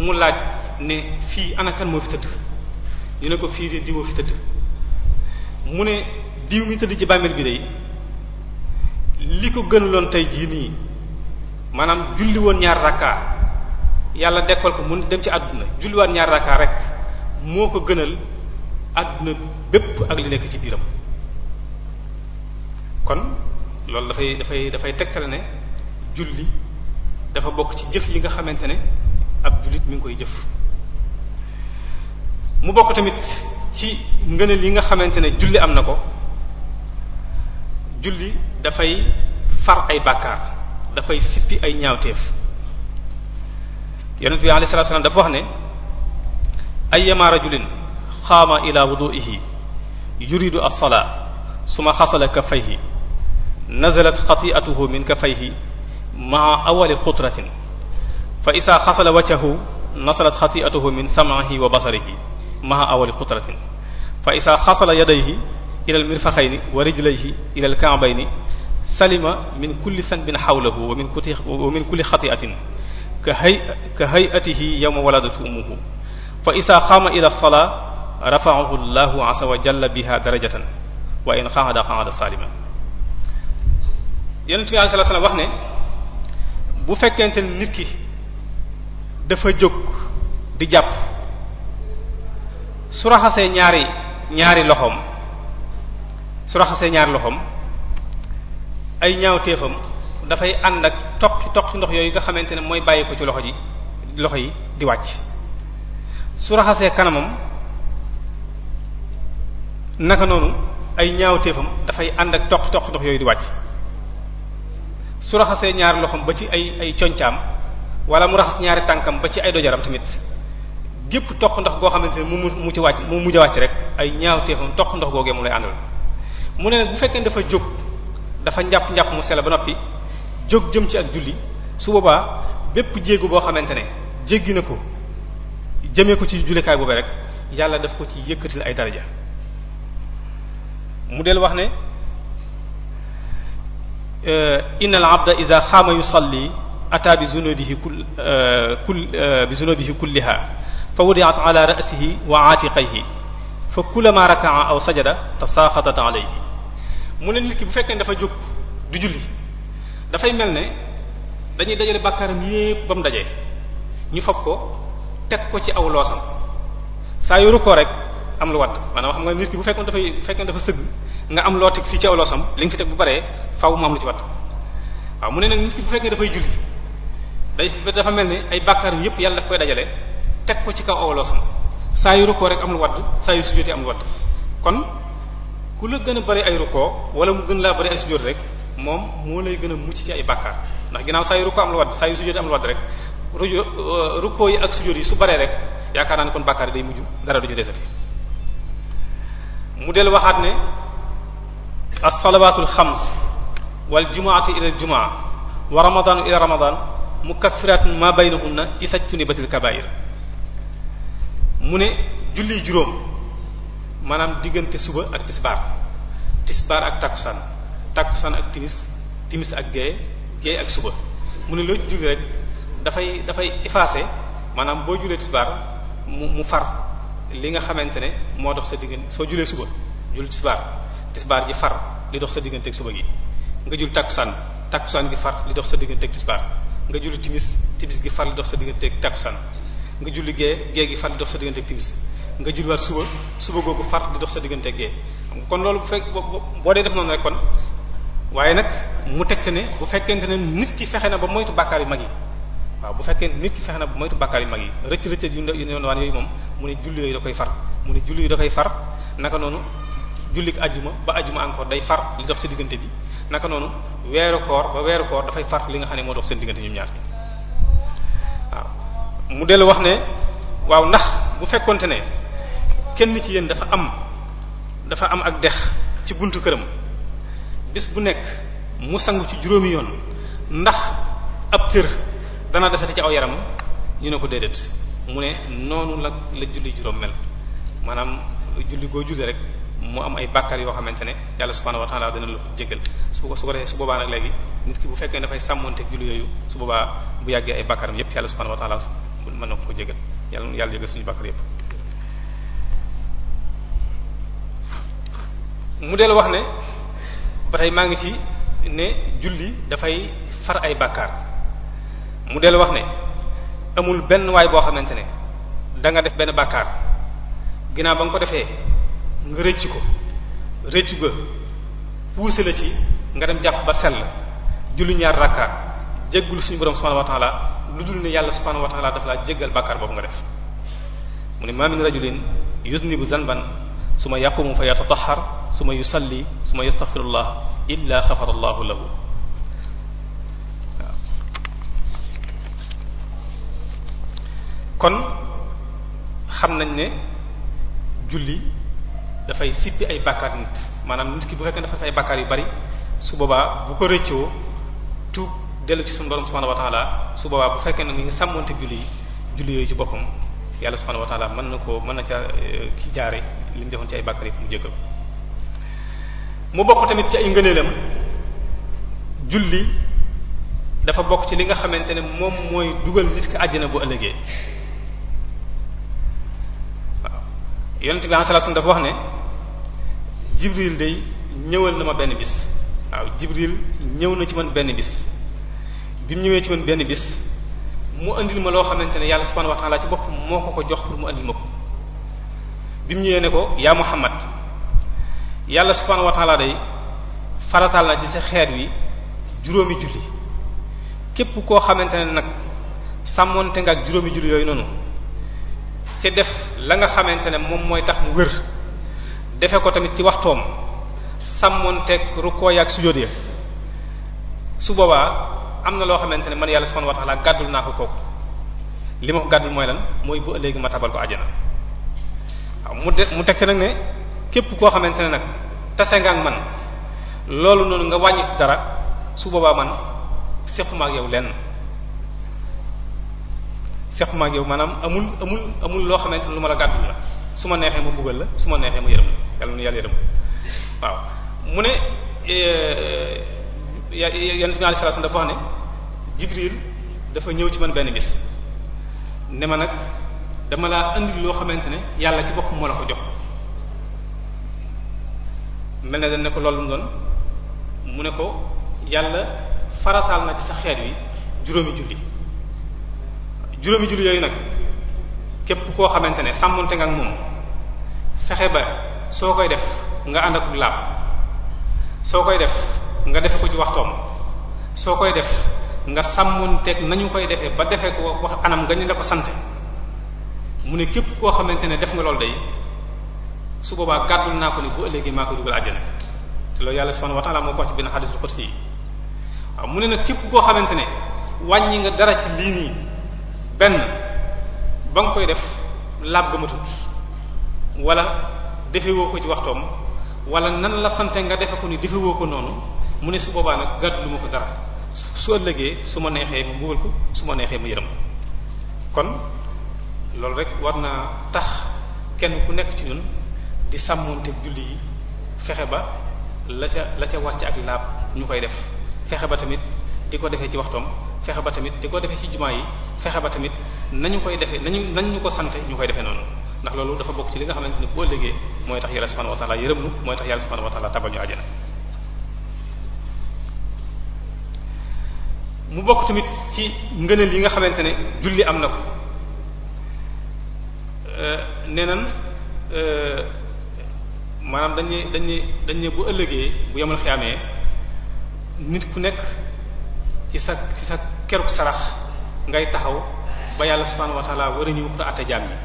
mu laaj ne fii ana moo fi tëdd ñu ne ko fii di diwoo fi tëdd mu ne diw mi tëdd ci bàmmeel bi day li ko gënaloon tey jii nii maanaam julli woon ñaar rakka yàlla dekkal ko mun dem ci àdduna julliwaat ñaar rakka rek moo ko gënal àdduna bépp ak li nekk ci biiram kon loolu dafay dafay dafay tegtale ne julli dafa bokk ci jëf yi nga xamante ne ab jullit mi ngi koy jëf mu bokk tamit ci ngëneel yi nga xamante ne julli am na ko julli dafay far ay bàkkaar dafay sippi ay ñaawteef yonent bi alayhi salaatu salaam dafa wax ne ayyama rajulin xaama ila wudu'ihi yuridu as-salaa suma xasala kaffayhi nazalat xati'atuhu min kaffayhi maa awali xutratin fa isaa xasala wajhahu nasalat xati'atuhu min sam'ihi wa basarihi maa awali xutratin fa isaa xasala yadayhi ilal mirfaqayni wa rijlayhi ilal ka'bayni salima min kulli sanbin xawlahu wa min kuti wa min kulli xatiatin ka hay ka hayatihi yawma waladatu ummuhu fa isaa qaama ila salaa rafa'ahu llahu azza wa jalla biha darajatan wa in qa'ada qa'ada salima yonent bi alayhi salaatu salaam wax ne bu fekkente ne nit ki dafa jóg di jàpp su raxasee ñaari ñaari loxoom su raxasee ñaari loxoom ay ñaawteefam dafay ànd ak ndox yooyu nga xamante ne mooy bàyyi ci loxo ji loxo yi di wàcc su raxasee kanamam naka noonu ay ñaawteefam dafay ànd ak toqi toq ndox yooyu di wàcc su raxasee ñaari loxoom ba ci ay ay concaam wala mu raxas ñaari tànkam ba ci ay dojaram tamit gépp toq ndox goo xamante ne mu mu mu ci wàcc mu mujj wàcc rek ay ñaawteefam toq ndox googee mu lay àndal mu ne bu fekkee dafa jóg. dafa njàpp njàpp mu sela ba noppi jóg jëm ci ak julli su boobaa bépp jéegu boo xamante ne jéggi na ko jëmee ko ci jullikaay boobee rek yàlla daf ko ci yëkkatil ay daraja mu del wax ne euh, inna al abda ida xaama yusalli ata bi zunubihi kul euh, kul euh, bi zunubihi kulliha fa wudi'at ala ra'sihi wa aatiqayhi fa kullama raka'a aw sajada tasaqatat alayhi mu ne nit ki bu fekkee ne dafa jóg du julli dafay mel ne dañuy dajale bàkkaaram yépp ba mu dajee ñu fab ko teg ko ci aw loosam saa yoru ko rek am lu wadd xam nga nit bu fekkoon dafay fekkoon dafa sëgg nga am fii ci aw loosam li fi teg bu baree faaw mu am lu ci mu ne nag nit bu fekkee dafay julli day dafa mel ne ay bàkkaaram yépp yàlla daf koy dajale teg ko ci kaw aw loosam saa yoru ko rek am lu wadd saa am lu wadd kon ku la gën a bari ay rukkoo wala mu gën laa bari ay sujjóot rek moom moo lay gën a mucc ci ay bàkkaar ndax ginnaaw saa yu rukkoo am lu wadd saa yu sujjóot am lu wadd rek rujo uh, rukkoo yi ak sujjóot yi su baree rek yaakaar naa ne kon bàkkaar yi day mujj dara duñu desati mu del waxaat ne as-salawaatul xams wal jumaa ila al-jumu'a wa ramadanu ila ramadan mukaffiratun ma baynahunna isajtuni batil kabair mu ne julli juróom maanaam diggante suba ak tisbaar tisbaar ak takkusaan takkusaan ak timis timis ak gée géey ak suba mu ne loo julli rek dafay dafay effacer maanaam boo julee tisbaar mu mu far li nga xamante ne moo dox sa diggante soo julee suba jul tisbaar tisbaar ji far li dox sa digganteeg suba gi nga jul takkusaan takkusaan gi far li dox sa digganteeg tisbaar nga julli timis timis gi far li dox sa digganteeg takkusaan nga julli gée gée gi far li dox sa digganteeg timis nga julliwaat suba suba googu far di dox sa diggante gee kon loolu bu fekk boo dee def noonu ne kon waaye nag mu teg te ne bu fekkente ne nit ki fexe na ba moytu bàkkaar yu mag yi waaw bu fekkee nit ki fexe na ba moytu bàkkaar yu mag yi rëcc rëcc yu ne waan yooyu moom mu ne julli yooyu da koy far mu ne julli yu da koy far naka noonu jullik ajjuma ba ajjuma encore day far li dox ci diggante bi naka noonu weeru koor ba weeru koor dafay far li nga xam ne moo dox seen diggante ñoom ñaar waaw wax ne waaw bu fekkonte ne kenn ci yéen dafa am dafa am ak dex ci buntu këram bis bu nekk mu sangu ci juróomi yoon ndax ab tër danaa desati ci aw yaram ñu ne ko déedéet mu ne noonu la la julli juróom mel maanaam julli goo julli rek mu am ay bàkkaar yoo xamante ne yàlla subhaanahu wa ta'ala dina la ko jégal su ko su ko defee su boobaa nag léegi nit ki bu fekkee dafay sàmmonteeg julli yooyu su boobaa bu yàggee ay bàkkaaram yépp yàlla subhaanahu wa ta'ala mën na ko jégal yàlla yàlla jégal suñu bàkkaar yépp mu del wax ne ba tey maa ngi ci ne julli dafay far ay bàkkaar mu del wax ne amul benn waay boo xamante ne danga def benn bàkkaar ginnaaw ba nga ko defee nga rëcc ko rëccu ga puuse la ci nga dem jàpp ba sell julli ñaar rakkaar jéggul suñu borom subhanahu wa lu dul ne yàlla subhanahu wa ta'ala dafa la jéggal bàkkaar boobu nga def mu ne ma min rajulin yuznibu zanban suma yaqumu fa yatatahhar suma yusalli suma yastaghfirullah illa ghafara la lahu waaw kon xam nañ ne julli dafay sippi ay bàkkaar nit maanaam nit ki bu fekkee dafa def ay bàkkaar yu bari su boobaa bu ko rëccoo tuub dellu ci suñu borom subhanahu wa su boobaa bu fekkee ne ni ngi sàmmoonte julli yi julli yooyu ci boppam yàlla subhanahu wa ta'ala mën na koo mën na ca ki eh, jaare li de defoon ci ay bàkkaar yëpp mu jéggal mu bokk tamit ci ay ngëneelam julli dafa bokk ci li nga xamante ne moom mooy dugal nit ki àjjana bu ëllëgee yonent bi sallallahu dafa wax ne jibril day ñëwal na ma benn bis waaw jibril ñëw na ci man benn bis bi ñëwee ci man benn bis mu andil ma loo xamante ne yàlla subhanahu wa ta'ala ci bopp moo ko ko jox pour mu andil ma ko bi mu ñëwee ne ko yaa Muhammad yàlla subhanahu wa ta'ala day farataal na ci sa xeet wi juróomi julli képp koo xamante ne nag sàmmoonte nga ak juróomi julli yooyu noonu ci def la nga xamante ne moom mooy tax mu wér defe ko tamit ci waxtoom sàmmoonteeg rukkoo yaak sujjóot ya su boobaa am na loo xamante ne man yàlla subhanahu wa ta'ala gàddul naa ko kooku li ma ko gàddul mooy lan mooy bu léegi ma tabal ko àjjana waaw mu de mu teg nag ne képp koo xamante ne nag tase nga ak man loolu noonu nga wàññi si dara su boobaa man sequma ak yow lenn sequma ak yow maanaam amul amul amul loo xamante ne lu ma la gàddul la su ma neexee ma buggal la su ma neexee ma yërëm la yàlla na yàlla yërëm waaw mu ne. Eh, yonent bi sallallahu alayhi na dafa wax ne Jibril dafa ñëw ci man benn bis ne ma nag dama laa indi loo xamante ne yàlla ci boppam moo la ko jox mel na dañ ne ko loolu mu doon mu ne ko yàlla farataal na ci sa xeet wi juróomi julli juróomi julli yooyu nag képp koo xamante ne sàmmonte nga ak moom fexe ba soo koy def nga ànd ak laab soo koy def nga defe ko ci waxtoom soo koy def nga sàmmunteeg nañu koy defee ba defee ko wax anam nga ñu la ko sante mu ne képp koo xamante ne def nga loolu day su boobaa gàddul naa ko ne bu ëllëgee maa ko dugal àjjana te loolu yàlla subhanahu wa ta'ala moo ko wax ci benn hadisul qudsi yi waaw mu ne na képp koo xamante ne wàññi nga dara ci lii nii benn ba nga koy def laab gëmatut wala defewoo ko ci waxtoom wala nan la sante nga defe ko ni defewoo ko noonu mu ne su boobaa nag gàddu lu ma ko dara soo léggee su ma neexee mu mbugal ko su ma neexee mu yërëm kon loolu rek war naa tax kenn ku nekk ci ñun di sàmmoonte julli yi fexe ba la ca la ca ci ak laab ñu koy def fexe ba tamit di ko defee ci waxtoom fexe ba tamit di ko defee ci jumaa yi fexe ba tamit nañu koy defee nañu nañ ko sant ñu koy defee noonu ndax loolu dafa bokk ci li nga xamante ne boo léegi mooy tax yàlla subhanahu wa ta'ala yërëm nu tabal ñu àjjana mu bokk tamit ci ngëneel yi nga xamante ne julli am na ko euh, nee nan euh, maanaam dañuy dañ dañuy bu ëllëgee bu yemal xiyaamee nit ku nekk ci sa ci sa keruk sarax ngay taxaw ba yàlla subhaanahu wa war a ñëw pour àtte jaam yi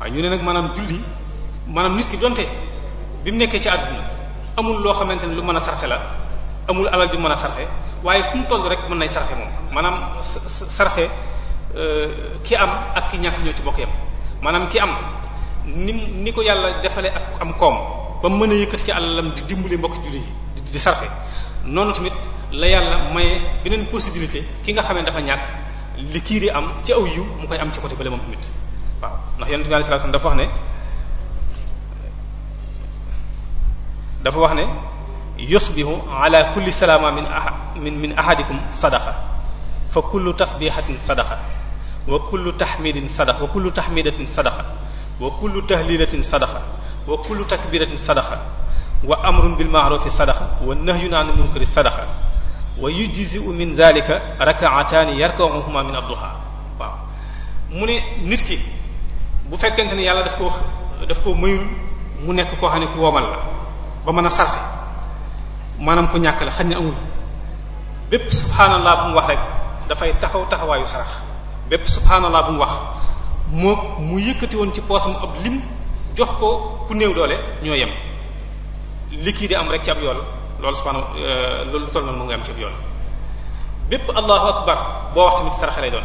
waaye ñu ne nag maanaam julli maanaam nit ki donte bi mu nekkee ci àdduna amul loo xamante ne lu mën a sarxe la amul alal ju mën a sarxe waaye fu togg rek mën nay sarxe moom maanaam sarxe euh, ki am ak ki ñàkk ñoo ci bokk yam maanaam ki am ni ni ko yàlla defalee ak am koom ba mu mën a yëkkati ci alalam di dimbali mbokk jullit yi di sarxe noonu tamit la yàlla maye beneen possibilité ki nga xam ne dafa ñàkk li kii di am ci aw yiw mu koy am ci côté bële moom tamit waaw ndax yonent bi sallallahu alayhi wasallam dafa wax ne dafa wax ne yusbihu ala kulli salaama min min min ahadikum sadaqa fa kullu tasbihatin sadaqa wa kullu tahmidin sadaqa wa kullu tahmidatin sadaqa wa kullu tahlilatin sadaqa wa kullu takbiratin sadaqa wa amrun bil ma'rufi sadaqa wa nahyun 'anil munkari sadaqa wa yujzi'u min dhalika rak'atani yarka'uhuma min ad-duha waaw mu ne nit ki bu fekkente ne yàlla daf ko daf ko mayul mu nekk koo xam ne ku womal la ba mën a sarfe maanaam ku ñàkk la xañ na amul bépp subhaanallah bu mu wax rek dafay taxaw taxawaayu sarax bépp subhaanallah bu mu wax mu mu yëkkati woon ci poosam ab lim jox ko ku néew doole ñoo yem li kii di am rek ci ab yool loolu subhaana euh, loolu lu toll noonu mu ngi am ci ab yool bépp allahu akbar boo wax tamit sarax lay doon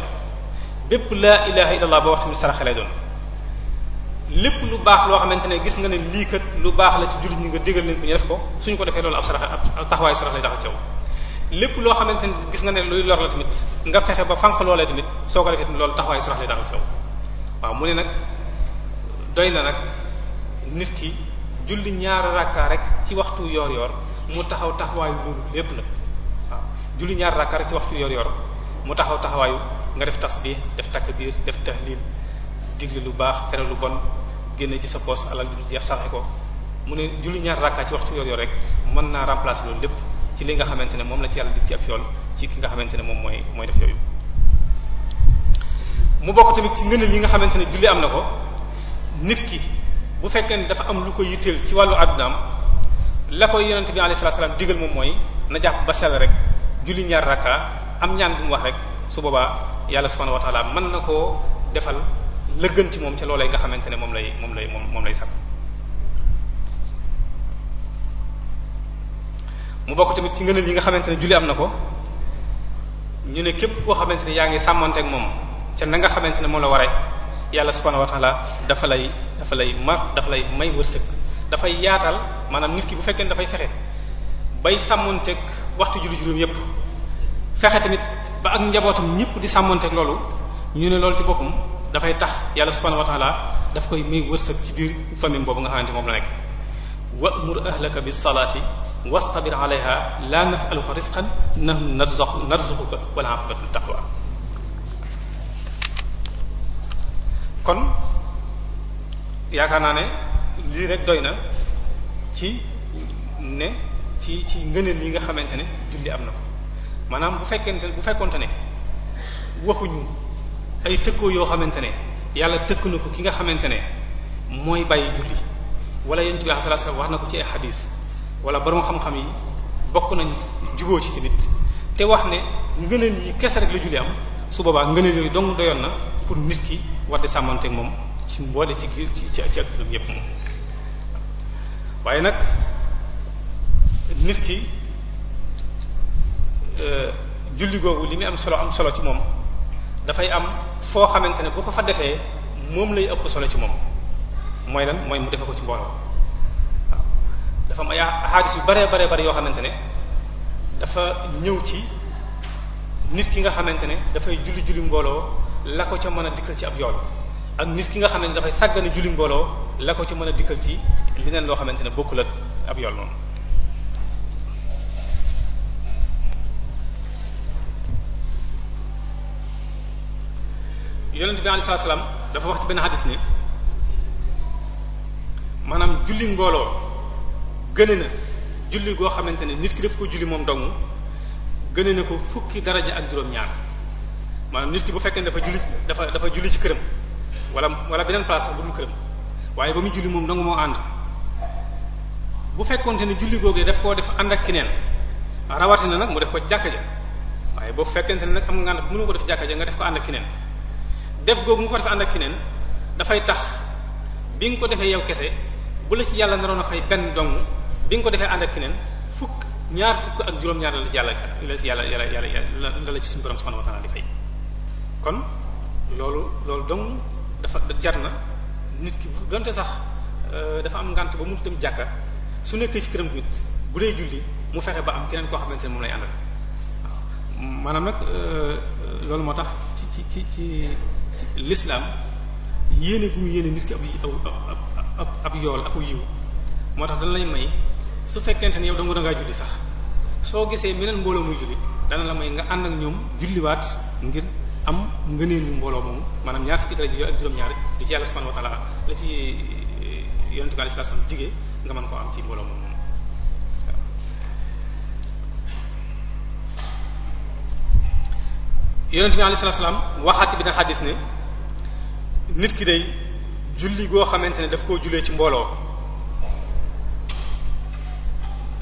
bépp laa ilaha illallah boo wax tamit sarax lay doon lépp lu baax loo xamante ne gis nga ne lii kat lu baax la ci jullit ñi nga digal leen ko ko suñ ko defee loolu ab sarax ab taxawaayu sarax lay tax ci lépp loo xamante ne gis nga ne luy lor tamit nga fexe ba fànq loolee tamit soo ko defee loolu taxawaayu sarax lay tax ci waaw mu ne nag doy na nag nit ki julli ñaar rakka rek ci waxtu yoor yoor mu taxaw taxawaayu loolu lépp nag waaw julli ñaari rakka rek ci waxtu yoor mu taxaw taxawaayu nga def tasbih def takbir def tahlil digle lu baax tere lu bon génne ci sa poos alal du jeex saraxe ko mu ne julli ñaar rakkaa ci waxtu yor yor rek mën naa remplacer loolu lépp ci li nga xamante ne moom la ci yàlla dig ci ab yool ci ki nga xamante ne moom mooy mooy def yooyu mu bokk tamit ci ngëneel yi nga xamante ne julli am na ko nit ki bu fekkee ne dafa am lu ko yitteel ci wàllu àddunaam la koy yonent bi alayhi salaam digal moom mooy na jàpp ba sell rek julli ñaar rakkaa am ñaan bu mu wax rek su boobaa yàlla subhanahu wa mën na koo defal la ci moom ca loolee nga xamante ne moom lay moom lay moom moom lay sàkku mu bokk tamit ci ngëneel yi nga xamante ne julli am na ko ñu ne képp koo xamante ne yaa ngi sàmmoonteek moom ca nanga xamante ne moom la waree yàlla subhaanahu wa ta'ala dafa lay dafa lay ma dafa lay may wërsëg dafay yaatal maanaam nit ki bu fekkee ne dafay fexe bay sàmmanteeg waxtu julli juróom yépp fexe tamit ba ak njabootam ñëpp di sàmmanteeg loolu ñu ne loolu ci boppam. dafay tax yàlla subhanahu wa ta'ala daf koy may wërsëg ci biir famille boobu nga xamante moom la nekk wa'mur ahlaka bis salaati wastabir alayha la nas'aluka rizqan nahnu narzuquka wal 'aqibatu lit taqwa kon yaakaar naa ne lii rek doy na ci ne ci ci ngëneel lii nga xamante ne julli am na ko maanaam bu fekkente bu fekkonte ne waxuñu ay tëkkoo yoo xamante ne yàlla tëkk na ko ki nga xamante ne mooy bàyyi julli wala yéen tubi sallallahu wax na ko ci ay xadis wala borom xam-xam yi bokk nañ juboo ci tamit te wax ne ngëneel yi kese rek la julli am su boobaa ngëneel yooyu dong doyoon na pour nit ki war di sàmmanteeg moom ci mboole ci giir ci ci ak yépp moom waaye nag nit ki euh, julli googu li muy am solo am solo ci moom dafay am foo xamante ne boo ko fa defee moom lay ëpp solo ci moom mooy lan mooy mu defe ko ci mbooloo dafa am ay ahadis yu bare bare bare yoo xamante ne dafa ñëw ci nit ki nga xamante ne dafay julli julli mbooloo la ko ca mën a dikkal ci ab yool ak nit ki nga xamante ne dafay sàggane julli mbooloo la ko ca mën a dikkal ci leneen loo xamante ne bokk la ab yool noonu yonent bi alayhi salaam dafa wax ci benn xadis ne maanaam julli mbooloo gëne na julli goo xamante ne nit ki daf ko julli moom dong gëne na ko fukki daraja ak juróom-ñaar maanaam nit ki bu fekkee ne dafa julli dafa dafa julli ci këram wala wala beneen place bu dul këram waaye ba mu julli moom dong moo ànd bu fekkonte ne julli googee daf koo def ànd ak keneen rawatina nag mu def ko jàkka ja waaye boo fekkente ne nag am nga ànd mënu ko def jàkka ja nga def ko ànd def googu nga ko def ànd ak ci dafay tax bi nga ko defee yow kese bu la ci yàlla naroon na fay benn dong bi nga ko defee ànd ak ci fukk ñaar fukk ak juróom-ñaar la la ci yàlla la ci yàlla yàlla yàlla la la ci di fay kon loolu loolu dong dafa jar na nit ki donte sax euh, dafa am ngànt ba mu dem jàkka su nekkee ci këram nit bu dee julli mu fexe ba am keneen koo xamante ne moom lay àndal waaw maanaam nag euh, loolu moo tax ci ci ci ci l'islam yéene gu mu yéene nit ki ab ab ab yool ak yiw moo tax dana lay may su fekkente ne yow danga dangaa julli sax soo gisee meneen mbooloo muy julli dana la may nga ànd ak ñoom julliwaat ngir am ngëneelu mbooloo moom maanaam ñaar fukki daraja yooyu juróom-ñaar di ci yàlla subhanahu wa la ci eh, yonentu bi sallallahu alayhi wasallam nga mën koo am ci mbooloo moom yonent bi alayhi salaam waxaat ci bi na xaddis ne nit ki day julli goo xamante ne daf koo jullee ci mbooloo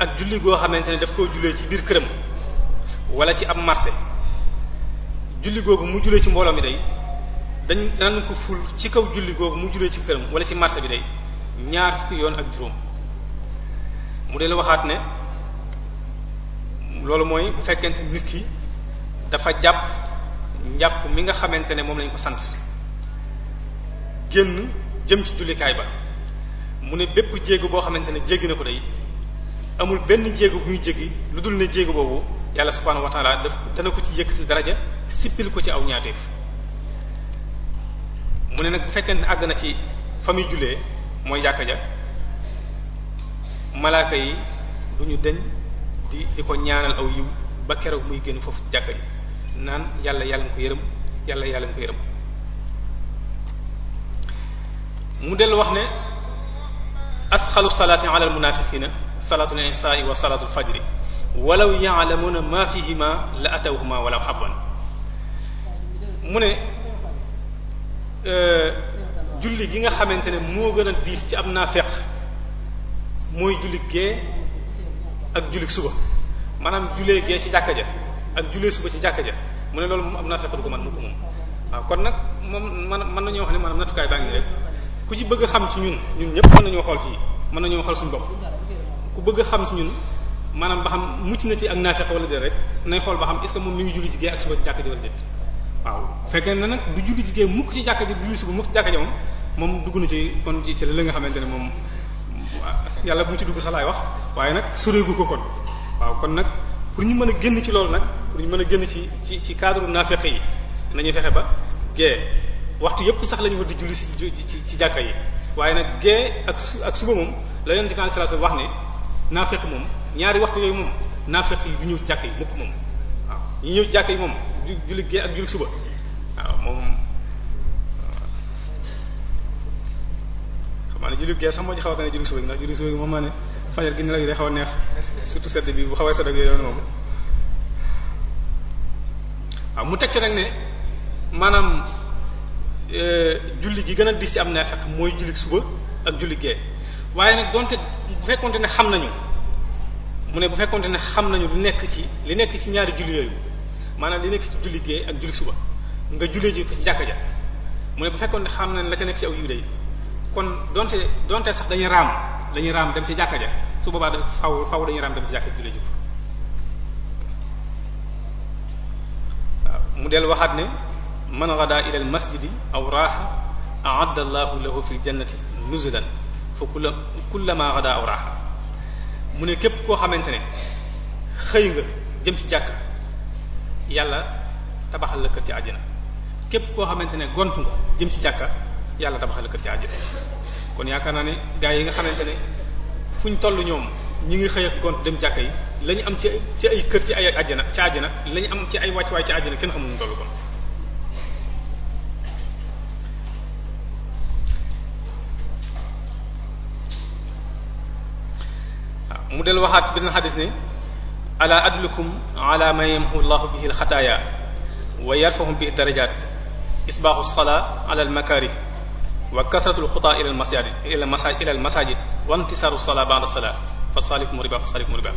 ak julli goo xamante ne daf koo jullee ci biir këram wala ci ab marché julli googu mu jullee ci mbooloo mi day dañ danañ ko ful ci kaw julli googu mu jullee ci këram wala ci marché bi day ñaar fukki yoon ak juróom mu dee la waxaat ne loolu mooy bu fekkente nit ki dafa jàpp njàpp mi nga xamante ne moom lañ ko sant génn jëm ci jullikaay ba mu ne bépp jéego boo xamante ne jéegi na ko day amul benn jéego bu ñu jéggi lu dul ne jéego boobu yàlla subhaanahu wa ko daf dana ko ci yëkkati daraja sippil ko ci aw ñaateef mu ne nag bu fekkee ne àgg na ci fa muy jullee mooy jàkka ja malaaka yi du ñu deñ di di ko ñaanal aw yiw ba keroog muy génn foofu jàkka ji naan yàlla yàlla nga ko yërëm yàlla yàlla nga ko yërëm mu dellu wax ne asxalu salaati ala almunafiqina salaatu linsai wa salaatu alfajri walaw ya'lamuna ma fihima la atawhuma walaw habban mu ne euh, julli gi nga xamante ne moo gën a diis ci am naa feq mooy julli gee ak julli suba maanaam jullee gee ci jàkka ja ak jullee suba ci jàkka ja mu ne loolu moom am naa fekk du ko man mu moom waaw kon nag moom man mën nañoo wax ne maanaam nattukaay baa ngi bëgg xam ci ñun ñun ñëpp mën nañoo xool fii mën nañoo xool suñu bopp ku bëgg xam ci ñun maanaam ba xam mucc na ci ak naafeq wala déet rek nay xool ba xam est ce que moom mi ngi julli ci ci jàkka ji wala déet waaw fekkee na mukk ci jàkka ji du julli suba mukk ci jàkka moom moom kon ci ci nga xamante ne moom yàlla bu ci dugg sax laay wax waaye nag soreegu ko kon waaw kon nag pour ñu mën a génn ci loolu nag pour ñu mën a génn ci ci ci cadre naafeq yi nañu fexe ba gée waxtu yépp sax lañu war di julli ci ci jàkka yi waaye nag gée ak ak suba moom la yonent bi wax ne naafeq moom ñaari waxtu yooyu moom naafeq yi du ñëw jàkka yi moom ñu ñëw moom julli gée ak julli suba waaw moom xam ne julli gée sax moo ci xaw a gën a julli suba ndax moom maa ne fajar gi nelaw yi day xaw a neex surtout sedd bi bu xawee sedd ak yooyu mu teg ci nag ne maanaam euh, julli gi gën a dis ci am naafeq mooy julli suba ak julli waaye nag donte bu fekkonte ne xam nañu mu ne bu fekkonte ne xam nañu lu nekk ci li nekk ci ñaari julli yooyu maanaam li nekk ci julli ak julli nga jullee ji ko ci mu fekkoon ne xam nañ la ca nekk ci aw day kon donte donte sax dañuy raam dañuy raam dem ci jàkka ja su boobaa da faw faw dañuy raam dem ci jàkka ja jullee ji ko mu del waxaat ne man ghadaa ila al masjidi aw raaxa a'adda allahu lahu fi jannati nuzulan fa kulla kullama ghadaa aw raaxa mu ne képp koo xamante ne xëy nga jëm ci jàkk yàlla tabaxal la kër ci àjjana képp koo xamante ne gont nga jëm ci jàkka yàlla tabaxal la kër ci àjjana kon yaakaar naa ne gaa yi nga xamante ne fu ñu toll ñoom ñu ngi xëy ak gont dem jàkka yi la am ci ci ay kër ci ay àjjana ci àjjana la am ci ay wàccuwaay ci àjjana kenn xamul ñu toll kon. waaw mu del waxaat ci beneen xadis ne ala adlukum ala ma yamhu llahu bihi alxataaya wa yarfahum bihi darajaat isbaaxu salaa ala almakaari wa kasratul xutaa ilal masajid ilal masajid ilal masajid wa intisaru salaa ba'da salaa fa salif muriba fa salif muriba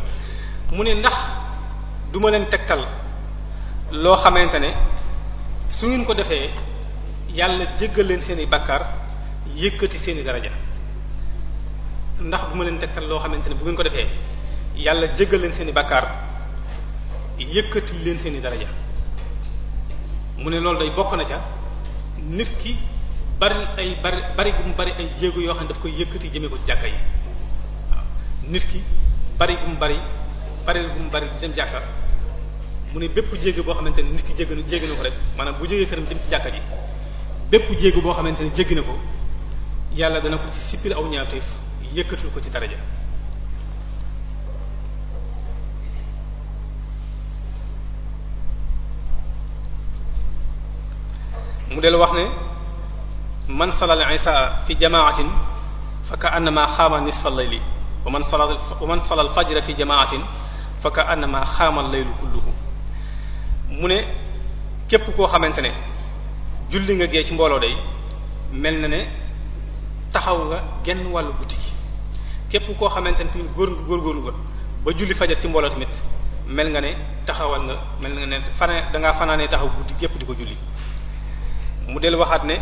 mu ne ndax du ma leen tegtal loo xamante ne su ngeen ko defee yàlla jéggal leen seen i bakkaar yëkkati seen i daraja ndax du ma leen tegtal loo xamante ne bu ngeen ko defee yàlla jéggal leen seen i bakkaar yëkkati leen seen i daraja mu ne loolu day bokk na ca nit ki. bari ay bari bari gu mu bari ay jéego yoo xam ne daf koy yëkkati jëmee ko jàkka yi nit ki bari gu mu bari bari gu mu bari jëm jàkka mu ne bépp jéego boo xamante ne nit ki jéggi jéggi na ko rek maanaam bu jógee këram jëm ci jàkka ji jéego boo xamante ne jéggi na ko yàlla dana ko ci sippil aw ñaawteef yëkkatul ko ci daraja mu del wax ne man salal isa fi jamaatin fa ka annama xaama nisfa layli wa man salal wa man salal fajra fi jamaatin fa ka annama xaama laylu kulluhu mu ne képp koo xamante ne julli nga gee ci mbooloo day mel na ne taxaw nga genn wàll guddi gi képp koo xamante ne tamit góor góorgóorlu ba julli fajar ci mbooloo tamit mel nga ne taxawal nga mel nga ne fana dangaa fanaanee taxaw guddi gépp di ko julli mu del waxaat ne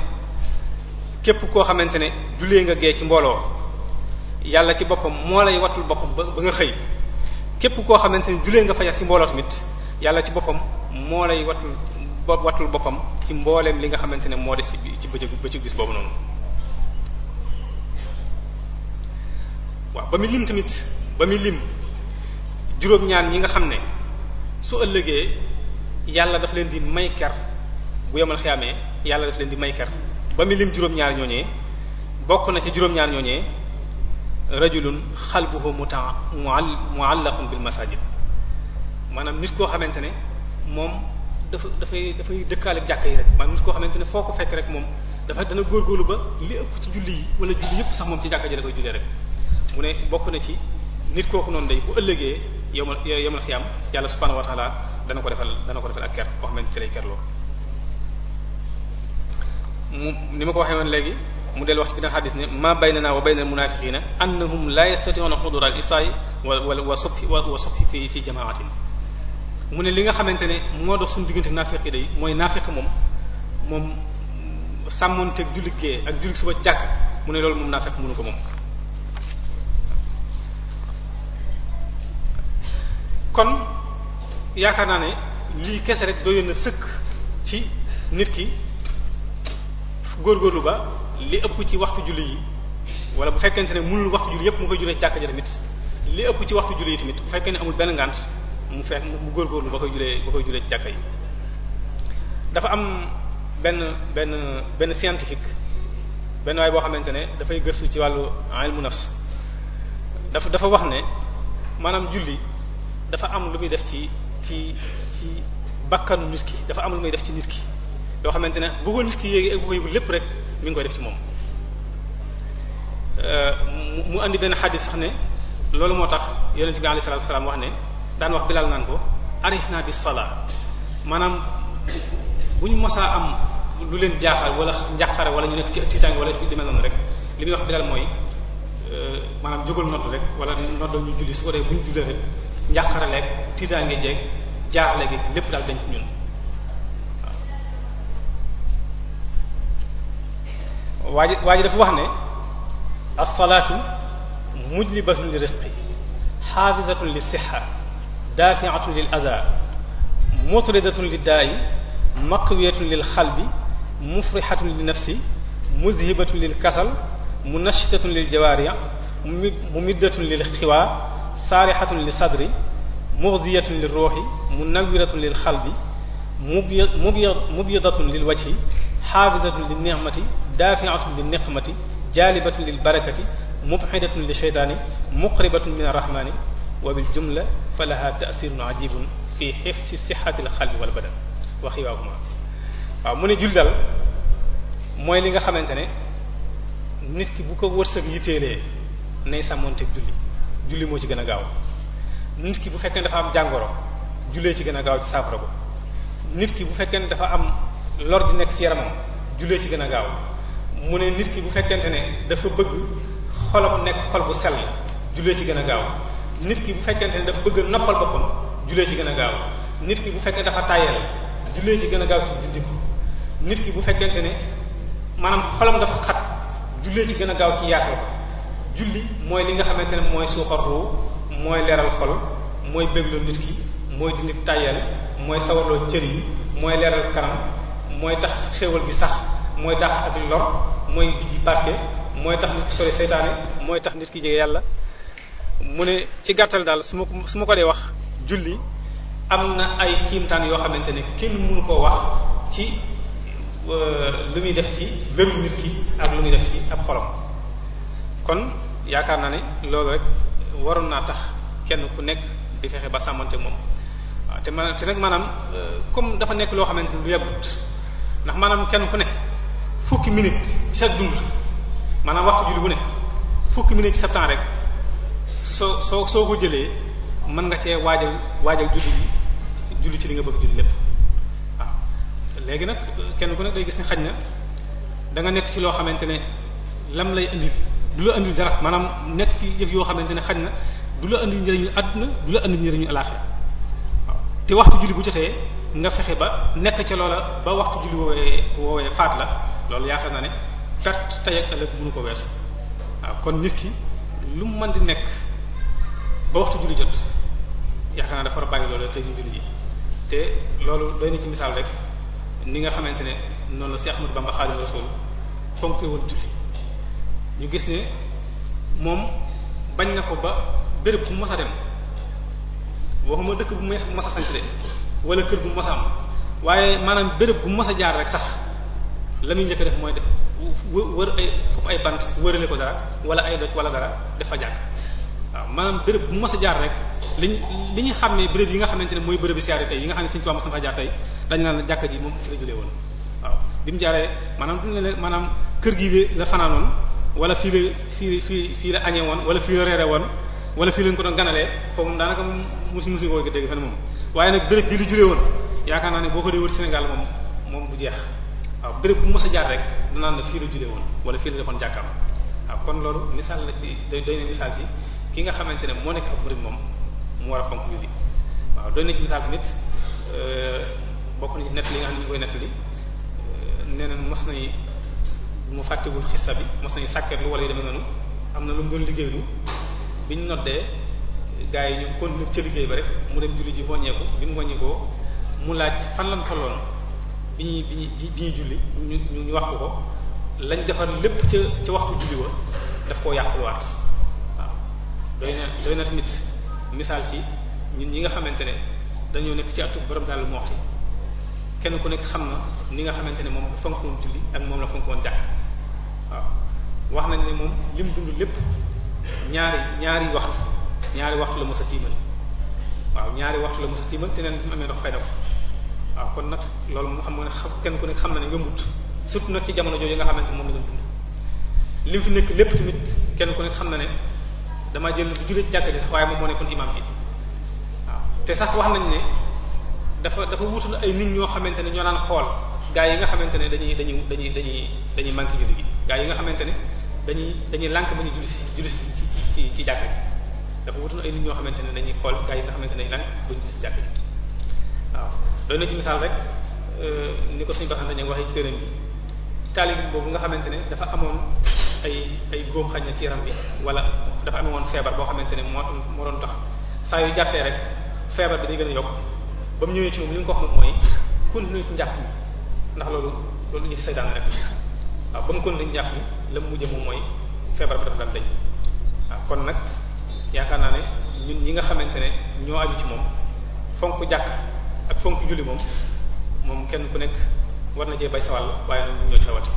képp koo xamante ne julee nga gee ci mbooloo yàlla ci boppam moo lay watul boppam ba nga xëy képp koo xamante ne julee nga fajar ci mbooloo tamit yàlla ci boppam moo lay watul watul boppam ci mbooleem li nga xamante ne moo des ci ci bëccëg bëccëg bis boobu noonu waaw ba muy lim tamit ba muy lim juróom-ñaan ñi nga xam ne su ëllëgee yàlla daf leen di may ker bu yemal xiyaamee yàlla daf leen di may ker ba mu lim juróom-ñaar ñooñee bokk na ci juróom-ñaar ñooñee rajulun xalbuhu muta muallaqun bil masajid maanaam nit koo xamante ne moom dafa dafay dafay dëkkaale jàkka yi rek maanaam nit koo xamante ne foo ko fekk rek moom dafa dana góorgóorlu ba li ëpp ci julli yi wala julli yëpp sax moom ci jàkka ji la koy jullee rek mu ne bokk na ci nit kooku noonu day bu ëllëgee yomal yomal xiyam yàlla subhanahu wa ta'ala dana ko defal dana ko defal ak ker koo xamante ci lay mu ni ma ko waxee woon léegi mu del wax ci beneen xadis ne ma baynana wa bayna almunafiqina annahum la yastati'una saa al-isa'i wa wa subhi wa subhi fi fi jama'atin mu ne li nga xamante ne moo dox suñu diggante naafiq yi day mooy naafiq moom moom sàmmoonteeg jullit gee ak jullit suba jàkk mu ne loolu moom naafiq mënu ko moom kon yaakaar naa ne lii kese rek doyoon na sëkk ci nit ki góor góorlu ba li ëpp ci waxtu julli yi wala bu fekkente ne mënul waxtu julli yépp mu koy julee ci jàkka li ëpp ci waxtu julli yi tamit bu fekkee ne amul benn ngant mu fekk mu góorgóorlu ba koy julee ba koy julee ci yi dafa am benn benn benn scientifique benn waay boo xamante ne dafay gëstu ci wàllu ilmu nafs dafa dafa wax ne maanaam julli dafa am lu muy def ci ci ci bakkanu nit ki dafa am lu muy def ci nit ki yoo xamante ne bu ko nit ki yéegi ak bu ko yëgul lépp rek mi ngi koy def ci moom euh, mu indi benn xadis sax ne loolu moo tax yonent bi alayhi salaatu wasalaam wax ne daan wax Bilaal naan ko arihna bis salaa maanaam bu ñu mosaa am lu leen jaaxal wala njaqare wala ñu nekk ci tiitaange wala di mel noonu rek li muy wax Bilaal mooy euh, maanaam jógal nodd rek wala noddal ñu julli su ko dee bu ñu jullee rek njaqare leeg tiitaange jeeg jaaxle gi lépp daal dañ ci ñun waa ji waa ji dafa wax ne as-salaatu mujlibatun li rizqi xaafizatun li sixa daafi'atun lil aza mutridatun li daa'i maqwiyatun lil xalbi mufrihatun li nafsi muzhibatun lil kasal munashitatun lil jawaariya mumiddatun lil xiwaa saarihatun li sadri mughdiyatun lil ruuxi munawwiratun lil xalbi mubyadatun lil wajhi xaafisatun li ni'mati daafi'atun li niqmati jaalibatun lil barakati mubxidatun li sheytaani muqribatun min arrahmaani wa bil jumla fa laha ta'sirun ajibun fi hifsi sihhatil qalbi wal badan wa xiwaahuma waaw mu ne julli dal mooy li nga xamante ne nit ki bu ko wërsëg yitteelee nay sàmmoonteeg julli julli moo ci gën a gaaw nit ki bu fekkee ne dafa am jàngoro jullee ci gën a gaaw ci saafara ko nit ki bu fekkee ne dafa am lor di nekk ci yaramam jullee ci gën a gaaw mu ne nit ki bu fekkente ne dafa bëgg xolam nekk xol bu sell jullee ci gën a gaaw nit ki bu fekkente ne dafa bëgg noppal boppam jullee ci gën a gaaw nit ki bu fekkee dafa tàyyeel jullee ci gën a gaaw ki bu fekkente ne maanaam xolam dafa xat jullee ci gën a gaaw ci yaatal julli mooy li nga xamante ne mooy suuxar ruu mooy leeral xol mooy bégloo nit ki mooy dindi tàyyeel mooy sawarloo cër yi mooy leeral kanam mooy tax xéewal bi sax mooy tax ak lor mooy ji barke mooy tax nit ki sori seytaane mooy tax nit ki jege yàlla mu ne ci gàttal daal su ma ko su ma ko dee wax julli am na ay kiimtaan yoo xamante ne kenn munu koo wax ci euh, lu muy def ci wéru nit ki ak lu muy def ci ab xolam kon yaakaar naa ne loolu rek waroon naa tax kenn ku nekk di fexe ba sàmmante moom waaw te ma te nag maanaam euh, comme dafa nekk loo xamante ne lu yàggut ndax maanaam kenn ku ne fukki minute chaque du dund maanaam waxtu julli bu ne fukki minute ci sa temps rek soo soo soo ko jëlee mën nga cee waajal waajal julli bi julli ci li nga bëgg julli lépp léegi nag kenn ku ne day gis ne xaj na danga nekk ci loo xamante ne lam lay indi du la indil dara maanaam nekk ci jëf yoo xamante ne xaj na du la indi njëriñu àdduna du la indil njëriñu alaaxira waaw te waxtu julli bu jotee nga fexe ba nekk ca loola ba waxtu julli woowee woowee faat la loolu yaakaar naa ne perte tey ak ëllëg mënu ko weesu waaw kon nit ki lu mu mën di nekk ba waxtu julli jot yaakaar naa dafa war a bàyyi loolu tey te loolu doy na ci misaal rek ni nga xamante ne noonu la Cheikh Ahmadou Bamba Xaadimu Rasuul fonkee woon julli ñu gis ne moom bañ na ko ba bërëb bu mos a dem waxuma dëkk bu mos a sant de wala kër bu mos a am waaye maanaam béréb bu mos a jaar rek sax la muy njëkk def mooy def wër ay fop ay bant wërale ko dara wala ay doj wala dara dafa jàkk waaw maanaam béréb bu mos a jaar rek liñ li ñu xam ne béréb yi nga xamante ne mooy béréb siyaare yi nga xam ne suñu tubaab mos na jaar tey dañu naan jàkk ji moom fi la julee woon waaw bi mu jaaree maanaam duñ ne maanaam kër gi la fanaanoon wala fii la fii fii fii la añee woon wala fii la reere woon wala fii lañ ko doon foofu moom daanaka moom musi musi waaye nag béréb bi lu juree woon yaakaar naa ne boo ko dee wër Sénégal moom moom du jeex waaw béréb bu mos a jaar rek danaan la fii la juree woon wala fii la defoon jàkkaam waaw loolu misaal la ci doy doy na ki nga xamante ne moo nekk ab moom mu war a fonk julli waaw doy na ci misaal tamit euh, bokk nañu nett li nga xam ne ñu koy nett li euh, nee na mos nañu mu fàttewul xissa bi mos yi sàkket lu wala yu demee noonu am na lu mu doon liggéeylu bi ñu noddee gars yi ñu continuer ca liggéey ba rek mu dem julli ji wàññeeku bi mu wàññeekoo mu laaj fan la mu tolloon bi ñuy julli ñu ñu wax ko ko lañ defar lépp ca ca waxtu julli wa daf koo yàquluwaat waaw doy na doy na tamit misaal ci ñun ñi nga xamante ne dañoo nekk ci atu borom daal moxti kenn ku nekk xam na ni nga xamante ne moom fonkoon julli ak moom la fonkoon jàkk waaw wax nañ ne moom lim dund lépp ñaari ñaari waxtu ñaari waxtu la mos a tiimal waaw ñaari waxtu la mos a tiimal te neen bi mu amee ndox fay daw waaw kon nag loolu mu xam nga ne xam kenn ku nekk xam na ne mut surtout nag ci jamono jooju nga xamante moom la doon li fi nekk lépp tamit kenn ku xam na ne damaa jël du jógee ci ji sax waaye moom moo nekkoon imam bi waaw te sax wax nañ ne dafa dafa wutul ay nit ñoo xamante ne ñoo naan xool gaa yi nga xamante ne dañuy dañuy dañuy dañuy dañuy manqué julli gaa yi nga xamante ne dañuy dañuy lànk ba ñu julli ci ci ci jàkka ji dafa wutul ay nit ñoo xamante ne dañuy xool gaa yi nga xamante ne lank buñ gis jàkk ji waaw loolu na ci misaal rek euh, ni ko si baxante ñu waxee këram bi taalib boobu nga xamante ne dafa amoon ay ay góom xañ na ci yaram bi wala dafa amee woon feebar boo xamante ne moo moo doon tax saa yu jàppee rek feebar bi day gën a yokk ba mu ñëwee ci moom li ñu ko wax mooy continuer ci njàpp mi ndax loolu loolu ñu fi say daan rek waaw ba mu continuer ci njàpp la mu mujjee moom mooy feebar bi dafa daan dañ waaw yaakaar naa ne ñun ñi nga xamante ne ñoo aju ci moom fonk jàkk ak fonk julli moom moom kenn ku nekk war na cee bay sawal waaye nag ñoo ci rawati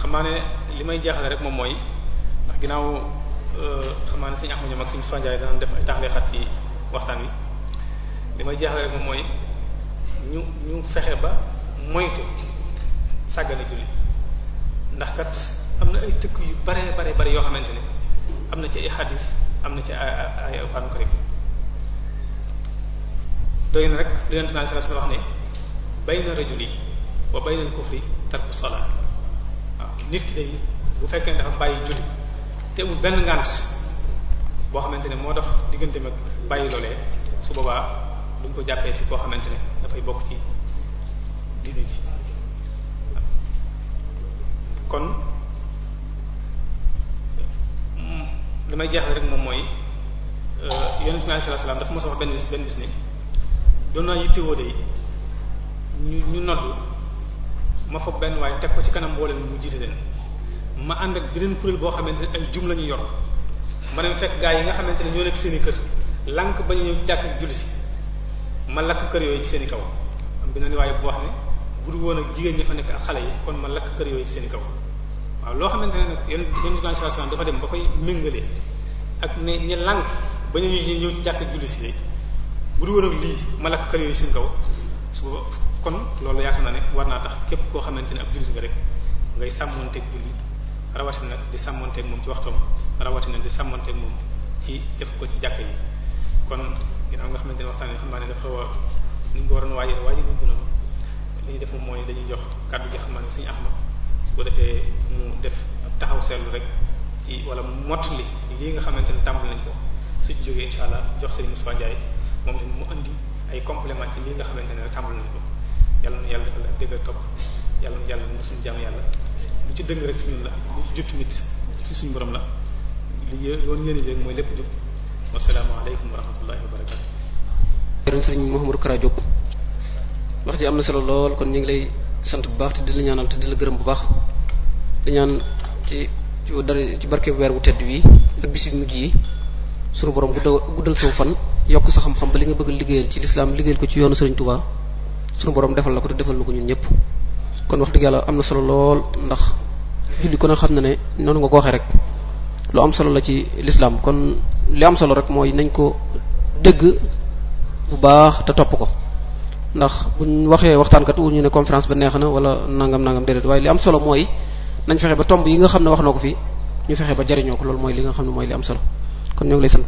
xam ne li may jeexale rek moom mooy ndax ginnaaw euh, xam naa ne sëñ Ahmadou Niass ak sëñ Soxna Ndiaye danañ def ay taxalee xat ci waxtaan wi li may jeexale rek moom mooy ñu ñu fexe ba moytu sàggane julli ndax kat am na ay tëkk yu bare bare bare yoo xamante ne am na ci ay xadis am na ci ay ay alxuraan karim doy na rek lu yonent naa sallallahu alayhi wasallam wax ne bayna rajuli wa bayna al-kufri tarku salaat waaw nit ki day bu fekkee ne dafa bàyyi julli te mu benn ngànt boo xamante ne moo dox digganteem ak bàyyi loolee su boobaa duñ ko jàppee ci koo xamante ne dafay bokk ci diine ji kon li may jeexal rek moom mooy euh, yonent bi alayhi salaam dafa mos a wax benn bis benn bis ni doon naa yittewoo de ñu ñu noddu ma foog benn waaye teg ko ci kanam mboolem mu jiite leen ma ànd ak beneen kuréel boo xamante ne ay jum la ñu yor ma dem fekk gaa yi nga xamante ne ñoo nekk seen kër lànk ba ñu ñëw jàkk ci ma lakk kër yooyu ci seen kaw am beneen waaye bu wax ne bu dul woon ak jigéen ñi fa nekk ak xale yi kon ma lakk kër yooyu ci seen kaw. waaw loo xamante ne nag yéen yéen organisation dafa dem ba koy méngale ak ne ñi ba ñu ñëw ci jàkk bu du lii ma lakk kër yooyu suñ kaw su kon loolu ne war naa tax képp koo xamante ne ab jullit nga rek ngay sàmmonteeg julli rawatina di sàmmonteeg moom ci waxtoom rawatina di sàmmonteeg moom ci def ko ci jàkk yi kon ginnaaw nga xamante ne waxtaan yi xam naa ne dafa xaw a ñu ko waroon waajal waajal bu ñu def moom dañuy jox kàddu gi xam naa ne suñu Ahmad su ko defee mu def taxaw seetlu rek ci wala mott li lii nga xamante ne tàmbali nañ ko su ci jógee incha allah jox sëñ Moussa Ndiaye moom lañ mu indi ay complement ci lii nga xamante ne tàmbali nañ ko yàlla na yàlla defal ak dëgg ak topp yàlla na yàlla na yàlla lu ci dëng rek ñun la lu ci jub tamit ci suñu borom la li yoon yéen léegi mooy lépp jub wasalaamaaleykum wa rahmatullahi wa barakatu jërëjëf sëriñ Mouhamadou Kara Diop wax ji am na solo lool kon ñu ngi lay sant bu baax te di la ñaanal te di la gërëm bu baax di ñaan ci ci dara barkebu weer wu tedd wi ak bis yu mujj yi sunu borom guddal guddal saw fan yokk sa xam-xam ba li nga bëgg liggéeyal ci lislaam liggéeyal ko ci yoonu Sëriñ Tuubaa sunu borom defal la ko te defal ko ñun ñëpp kon wax dëgg yàlla am na solo lool ndax julli ko na ne ne noonu nga ko waxee rek lu am solo la ci lislaam kon li am solo rek mooy nañ ko dëgg bu baax te topp ko ndax bu ñu waxee waxtaan wu ñu ne conférence ba neex na wala nangam nangam déedéet waaye li am solo mooy nañ fexe ba tomb yi nga xam ne wax na ko fi ñu fexe ba jariñoo ko loolu mooy li nga xam ne mooy li am solo kon ñoo ngi lay sant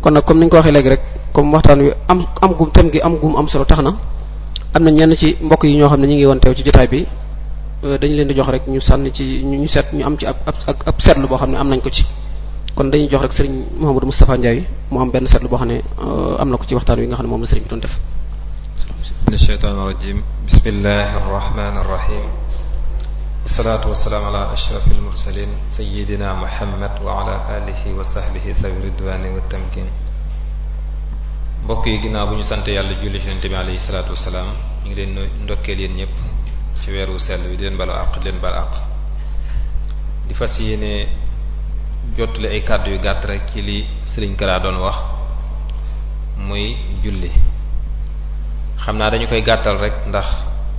kon nag comme ni ko waxee léegi rek comme waxtaan wi am am gum thème gi am am solo tax na am na ñenn ci mbokk yi ñoo xam ne ñu ngi woon teew ci jotaay bi euh, dañu leen di jox rek ñu sànni ci ñu seet ñu am ci ab ab ab boo xam ne am nañ ko ci kon dañuy jox rek sëriñ Mouhamadou Moustapha Ndiaye mu am benn seetlu boo xam ne euh, am na ko ci waxtaan wi nga xam ne moom la sëriñ bi doon def min asheytaan irajim bismillahi arrahmani irrahim wassalaatu wassalaamu ala ashrafi almursalin muhammad wa ala alihi wa sahbihi sawi ridwani wa tamkin mbokk yi ginnaaw bu ñu sant yàlla julli ci yonent bi alayhi salaatu wassalaam ñu ngi leen ndokkeel yéen ñëpp ci weeru sell bi di leen balu àq di leen balu àq di fas yéene jottali ay kàddu yu gàtt rek ci li Sëriñ Kara doon wax muy julli xam naa dañu koy gàttal rek ndax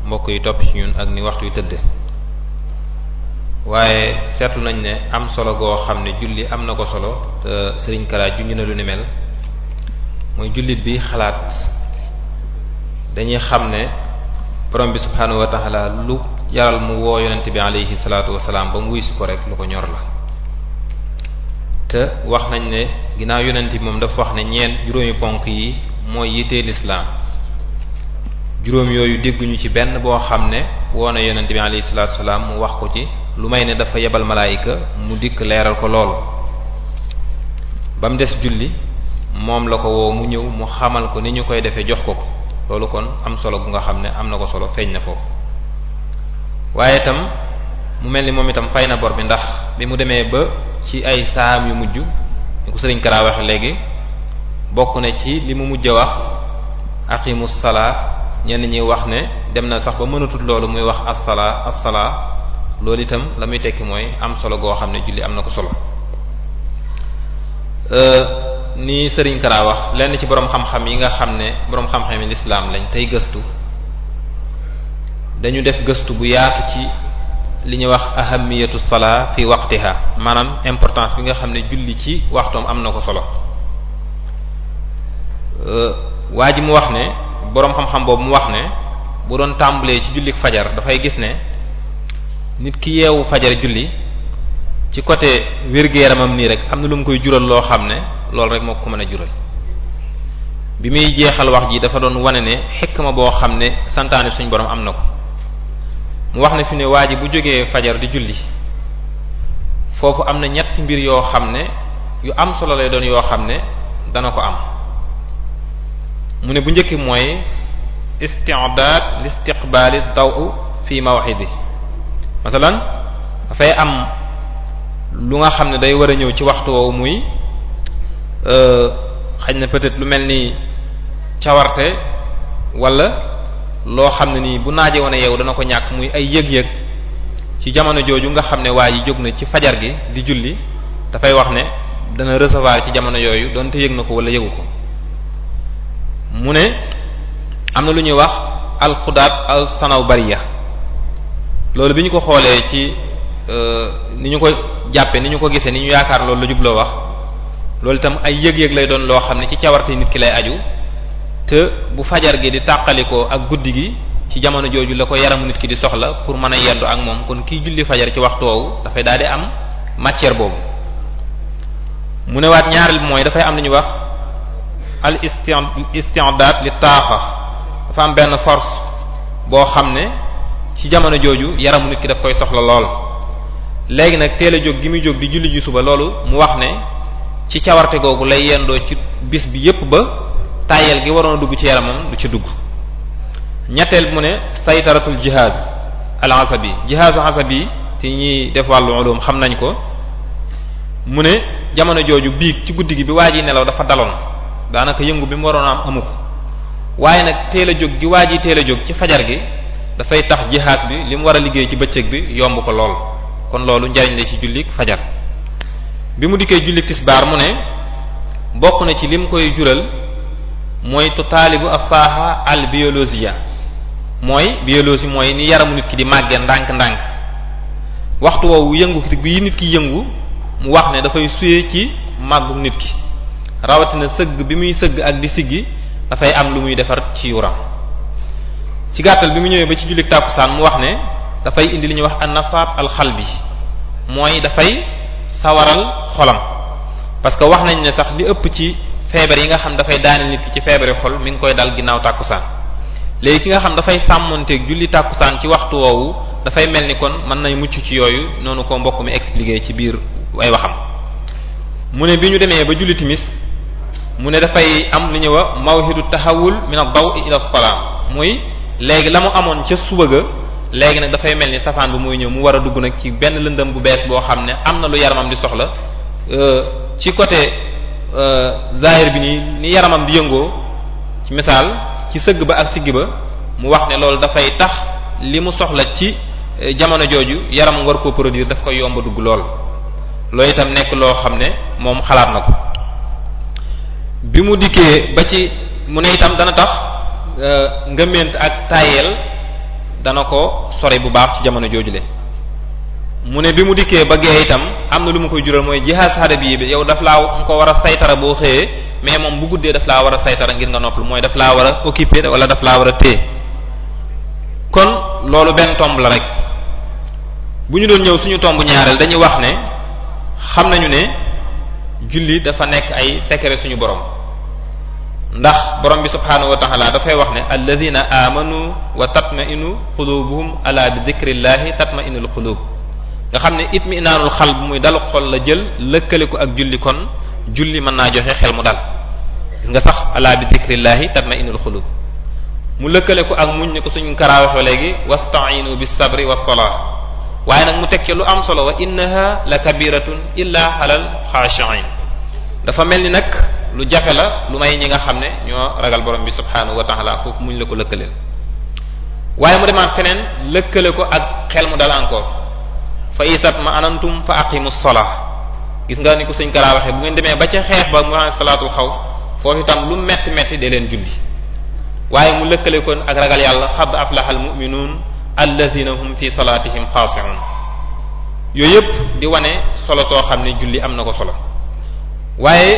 mbokk yi topp ci ñun ak ni waxtu yu tëdd waaye seetlu nañ ne am solo goo xam ne julli am na ko solo te sëriñ ju junj na lu ni mel mooy jullit bi xalaat dañuy xam ne borom bi subhaanahu wa taala lu yaral mu woo yonent bi alayhi salaatu wasalaam ba mu wuy si ko rek lu ko ñor la te wax nañ ne ginnaaw yonent bi moom dafa wax ne ñeent juróomi ponk yi mooy yitee lislaam juróom yooyu dégguñu ci benn boo xam ne woo na yonent bi alayhi salaatu salaam mu wax ko ci lu may ne dafa yebal malaayika mu dikk leeral ko loolu ba mu des julli moom la ko woo mu ñëw mu xamal ko ni ñu koy defee jox ko ko loolu kon am solo bu nga xam ne am na ko solo feeñ na foofu waaye itam mu mel ni moom itam fay na bor bi ndax bi mu demee ba ci ay saam yu mujj ni ko sëriñ Kara léegi bokk na ci li mu mujj a wax aqimus salaa ñenn ñi wax ne dem na sax ba mënatul loolu muy wax assalaa assalaa loolu itam la muy tekki mooy am solo goo xam ne julli am na ko solo euh, ni Serigne Kara wax lenn ci borom xam-xam yi nga xam ne borom xam-xam yi lislaam lañ tey gëstu dañu def gëstu bu yaatu ci li ñuy wax ahamiyatu salaa fi waqtiha maanaam importance bi nga xam ne julli ci waxtoom am na ko solo euh, waa ji mu wax ne boroom xam-xam boobu mu wax ne bu doon tàmbalee ci julli fajar dafay gis ne nit ki yeewu fajar julli ci côté wér-gu-yaramam nii rek am na lu mu koy jural loo xam ne loolu rek moo ko mën a jural bi muy jeexal wax ji dafa doon wane ne xikma boo xam ne santaane suñ borom am na ko mu wax ne fi ne waa ji bu jógee fajar di julli foofu am na ñetti mbir yoo xam ne yu am solo lay doon yoo xam ne dana ko am mu ne bu njëkk mooy taw fii istiqbali daw fi mawhidi masalan dafay am lu nga xam ne day war a ñëw ci waxtu woowu muy euh, xëy na peut-être lu mel ni cawarte wala loo xam ne nii bu naajee woon a yeewu dana ko ñàkk muy ay yëg-yëg ci jamono jooju nga xam ne waa ji jóg na ci fajar gi di julli dafay wax ne dana recevoir ci jamono yooyu doonte yëg na ko wala yëgu ko mu ne am na lu ñuy wax alxudaat al sanawbariya loolu bi ñu ko xoolee ci euh, ni ñu ko jàppe ni ñu ko gisee ni ñu yaakaar loolu la jubloo wax loolu itam ay yëg-yëg lay doon loo xam ne ci cawarte nit ki lay aju te bu fajar gi di tàqalikoo ak guddi gi ci jamono jooju la ko yaramu nit ki di soxla pour mën a yendu ak moom kon kiy julli fajar ci waxtu woowu dafay daal di am matière boobu mu ne waat ñaareel mooy dafay am lu ñuy wax al isti'dad li taaxa dafa am benn force boo xam ne ci jamono jooju yaramu nit ki daf koy soxla lool léegi nag teel a jóg gi muy jóg di julli ji suba loolu mu wax ne ci cawarte googu lay yendoo ci bis bi yépp ba tayel gi waroon a dugg ci yaramam lu ci dugg ñetteel mu ne saytaratul jihaz al asabi jihazu asabi te ñiy def wàllu ulum xam nañ ko mu ne jamono jooju biig ci guddi gi bi waa ji nelaw dafa daloon daanaka yëngu bi mu waroon am amu ko waaye nag teel a jóg gi waa ji teel jóg ci fajar gi dafay tax jihaas bi li mu war a liggéey ci bëccëg bi yomb ko lool kon loolu njariñ la ci jullik fajar bi mu dikkee jullik tisbaar mu ne bokk na ci lim koy jural mooy tutaalibu àll al biologia mooy biologie mooy ni yaramu nit ki di màggee ndànk-ndànk waxtu woowu yëngut bi nit ki yëngu mu wax ne dafay suyee ci màggu nit ki rawatina sëgg bi muy sëgg ak di siggi dafay am lu muy defar ci yuram ci gàttal bi mu ñëwee ba ci jullit tàkkusaan mu wax ne dafay indi li ñuy wax an-nasaat al-xalbi mooy dafay sawaral xolam parce que wax nañ ne sax li ëpp ci feebar yi nga xam dafay daaneel nit ki ci feebare xol mi ngi koy dal ginnaaw tàkkusaan léegi ki nga xam dafay sàmmonteeg julli tàkkusaan ci waxtu woowu dafay mel ni kon mën nay mucc ci yooyu noonu ko mbokk mi expliquer ci biir ay waxam ne bi demee ba julli mu ne dafay am lu ñuy wax mawhidu tahawul min ad-daw ila as-salam muy léegi la mu amoon ca suba ga léegi nag dafay mel ni safaan bu muy ñëw mu war a dugg nag ci benn lëndëm bu bees boo xam ne am na lu yaramam di soxla euh, ci côté euh, zahir bi nii ni yaramam di yëngoo ci misaal ci sëgg ba ak sigg ba mu wax ne loolu dafay tax li mu soxla ci euh, jamono jooju yaram war koo produire daf ko yomba dugg lool loolu itam nekk loo xam ne moom xalaat na ko bi mu dikkee ba ci mu ne itam dana tax euh, ngëment ak tayel dana ko sore bu baax ci jamono joojule mu ne bi mu dikkee ba gee itam am na lu mu koy jural mooy jihaas hadabi bi yow daf laa ko war a saytara boo xëyee mais moom bu guddee daf laa war a saytara ngir nga noppal mooy daf laa war a occuper wala daf laa war a téye kon loolu benn tomb la rek bu ñu doon ñëw suñu tomb ñaareel dañuy wax ne xam nañu ne julli dafa nekk ay secret suñu borom ndax borom bi subhaanahu wa ta'ala dafay wax ne alladhina amanu wa tatma'inu qulubuhum ala bi dhikrillahi tatma'inul qulub nga xam ne itminaanul xal bu muy dal xol la jël lëkkale ko ak julli kon julli mën naa joxe xel mu dal gis nga sax ala bi dhikrillahi tatma'inul qulub mu lëkkale ko ak muñ ne ko suñu karaa waxee léegi wasta'inu bis sabri was salat waaye nag mu teg ci lu am solo wa innaha la kabiratun illa alal xaashiin dafa mel ni nag lu jafe la lu may ñi nga xam ne ñoo ragal borom bi subhaanahu wa taala foofu muñ la ko lëkkaleel waaye mu demaat feneen lëkkale ko ak xel mu dal encore fa isat ma anantum fa aqimu sola gis nga ni ko sëñ Kara waxee bu ngeen demee ba ca xeex ba mu wax salaatul xaw foofu itam lu metti metti dee leen julli waaye mu lëkkale kon ak ragal yàlla xab aflahal mu'minuun alladhina hum fi salatihim xaasirun yooyu yëpp di wane solo soo xam ne julli am na ko solo waaye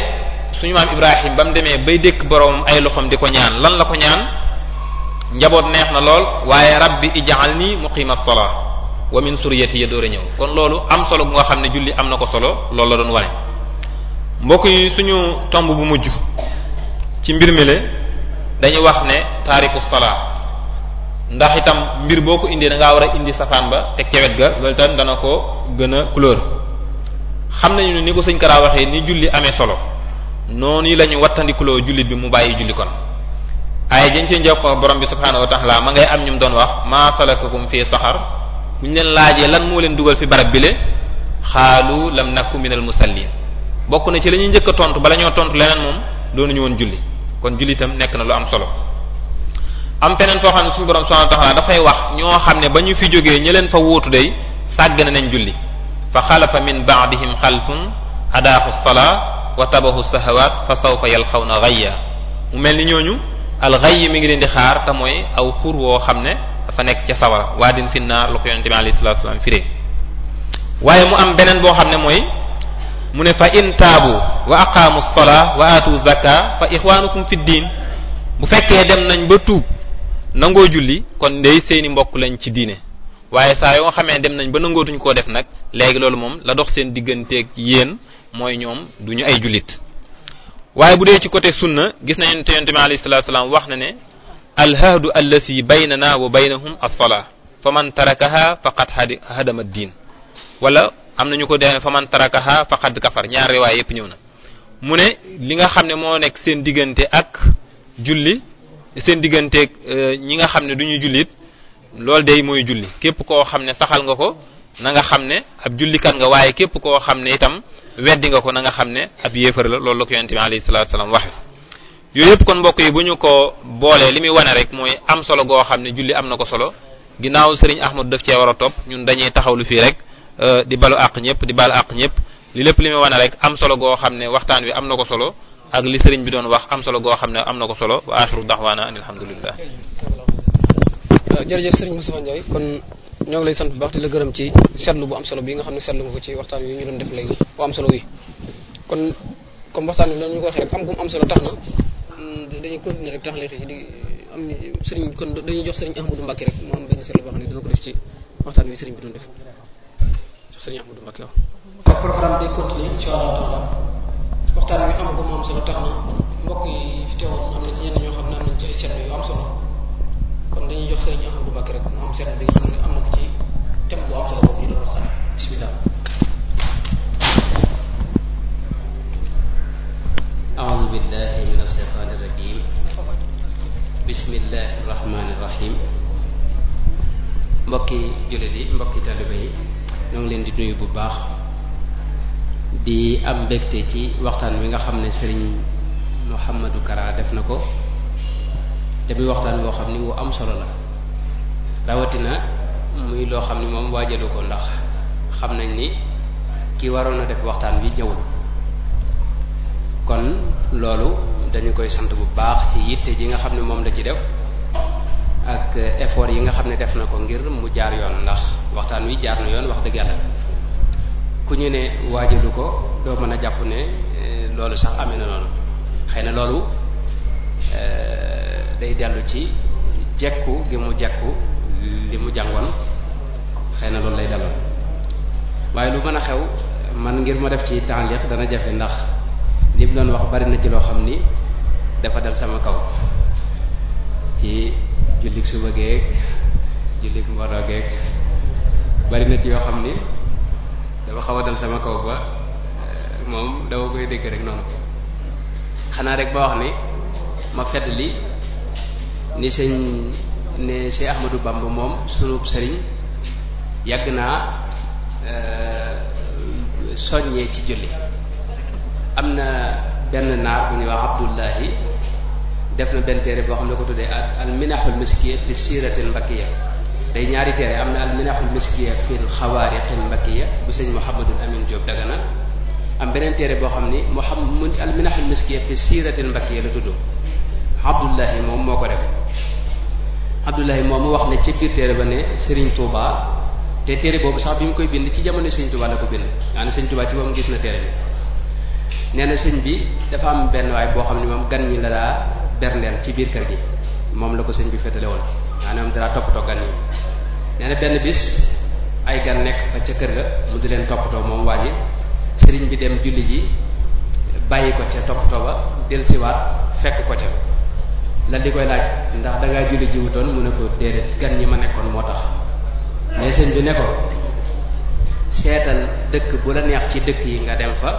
suñu maam Ibrahim ba mu demee bay dékk boroomam ay loxoom di ko ñaan lan la ko ñaan njaboot neex na lool waaye bi ij'alni muqima as-salah wa min suriyati ya door a ñëw kon loolu am solo bu nga xam ne julli am na ko solo loolu la doon wane mbokk yi suñu tomb bu mujj ci mbir mi le dañuy wax ne taariku salaa ndax itam mbir boo ko indee da ngaa war a indi safaan ba te ca ga loolu itam dana ko gën a couleur xam nañu ni ko sëñ Kara waxee ni julli amee solo noonu la ñu wattandikuloo jullit bi mu bàyyi julli kon ay jën ci njokk borom bi subhaanahu wa ta'ala ma ngay am ñum doon wax ma salakakum fi saxar bu ñu leen laajee lan moo leen dugal fi barab bi bile xaalu lam nakku minal musallin bokk na ci lañuy ñuy njëkk a tontu bala ñoo tontu leneen moom doonuñu woon julli kon julli itam nekk na lu am solo am feneen foo xam ne suñu borom subhanahu wa ta'ala dafay wax ñoo xam ne ba ñu fi jógee ñu leen fa wóotu day sàgg na nañ julli fa xalafa min ba'dihim xalfun adaahu salaa wa tabahu sahawaat fa sawfa yalqawna ghayya mu mel ni ñooñu al ghayy mi ngi leen di xaar mooy aw xur woo xam ne dafa nekk ca sawara waadin fi naar lu ko yonente bi alayhi salatu wasallam firee waaye mu am beneen boo xam ne mooy mu ne fa in taabu wa aqaamu salaa wa aatu zaka fa ixwaanukum fi diin bu fekkee dem nañ ba tuub nangoo julli kon ndey seeni mbokk lañ ci diine waaye saa yoo xamee dem nañ ba nangootuñ koo def nag léegi loolu moom la dox seen digganteeg yéen mooy ñoom duñu ay jullit waaye bu dee ci côté sunna gis nañu te yonent bi alayhi salaatu salaam wax na ne alhahdu allasi baynana wa baynahum as-salaa fa man tarakaha faqad hadama diin wala am na ñu ko dee fa man tarakaha faqad kafar ñaar riwaay yëpp ñëw na mu ne li nga xam ne moo nekk seen diggante ak julli seen digganteeg euh, ñi nga xam ne du ñuy jullit loolu day mooy julli képp koo xam ne saxal nga ko na nga xam ne ab jullikat nga waaye képp koo xam ne itam weddi nga ko na nga xam ne ab yéefar la loolu la ko yonent bi alayhi salaam waxe yooyu yëpp kon mbokk yi bu ñu ko boolee li muy wane rek mooy am solo goo xam ne julli am na ko solo ginnaaw sëriñ Ahmadu daf cee war a topp ñun dañuy taxawlu fii rek euh, di balu àq ñëpp di balu àq ñëpp li lépp li muy wane rek am solo goo xam ne waxtaan wi am na ko solo ak li sëriñ bi doon wax am solo goo xam ne am na ko solo wa axiru daxwaana an alhamdulillah jërëjëf sëriñ Moustapha Ndiaye kon ñoo ngi lay sant bu baax di la gërëm ci seetlu bu am solo bi nga xam ne seetlu nga ko ci waxtaan wi ñu doon def léegi bu am solo wi kon comme waxtaan wi loolu ñu ko waxee rek am am solo tax na mm, dañuy continuer rek tax lay xëy di am sëriñ kon dañuy jox sëriñ Ahmadou Mbacké rek mu am benn seetlu boo xam ne dina ko def ci waxtaan wi sëriñ bi doon def jox sëriñ Ahmadou Mbacké waaw am gum am solo kenn ci tem bu am solo boobu ñu doon waxtaan bismillah a'udhu billahi minash shaitanir mbokki jullit yi mbokki taalibe yi ñoo ngi leen di nuyu bu baax di am mbégte ci waxtaan wi nga xam ne Serigne Mouhamadou Kara def na ko te muy waxtaan woo xam ni wu am solo la rawatina muy loo xam ne moom waajalu ko ndax xam nañ ni ki waroon a def waxtaan wi ñëwul kon loolu dañu koy sant bu baax ci yitte ji nga xam ne moom la ci def ak effort yi nga xam ne def na ko ngir mu jaar yoon ndax waxtaan wi jaar na yoon wax dëgg yàlla ku ñu ne waajalu ko doo mën a jàpp ne eh, loolu sax amee na noonu xëy na loolu eh, day dellu ci jekku gi mu jekku li mu jàngoon xëy na loolu lay dalal waaye lu mën a xew man ngir ma def ci tànliq dana jafe ndax li mu doon wax bari na ci loo xam ni dafa dal sama kaw ci jullit suba geeg jullit yoo xam ni dafa xaw a dal sama kaw ba eh, moom dama koy dégg rek noonu xanaa rek ba wax ni ma fedd li ni sëñ ne Cheikh Ahmadou Bamba moom sunu sëriñ yàgg naa euh, soññee ci julli am na benn naar bu ñuy wax Abdullahi def na benn téere boo xam ne ko tuddee al minaxul miskiya fi siiratil mbakkiya day ñaari téere am na al minaxul miskiya fi xawaariqil mbakkiya bu sëñ Mouhamadul Amin Diop Dagana am beneen téere boo xam ni Mouhamad al minaxul miskiya fi siiratil mbakkiya la tudd Abdullahi moom moo ko def moom moomu wax ne ci biir téere ba ne sëriñ Touba te téere boobu sax bi mu koy bind ci jamono Serigne Touba la ko bind maanaam Serigne Touba ci moom gis na téere bi nee na sëñ bi dafa am benn waay boo xam ne moom gan ñi la daa berndeel ci biir kër gi moom la ko sëñ bi féetale woon maanaam dara toppatoo gan ñi nee benn bis ay gan nekk fa ca kër ga mu di leen toppatoo moom waa ji sëriñ bi dem julli ji bàyyi ko ca toppatoo ba dellusiwaat fekk ko la di koy laaj ndax dangaa julli jiwutoon mu ne ko déedéet gan ñi ma nekkoon moo tax mais sëñ bi ne ko seetal dëkk bu la neex ci dëkk yi nga dem fa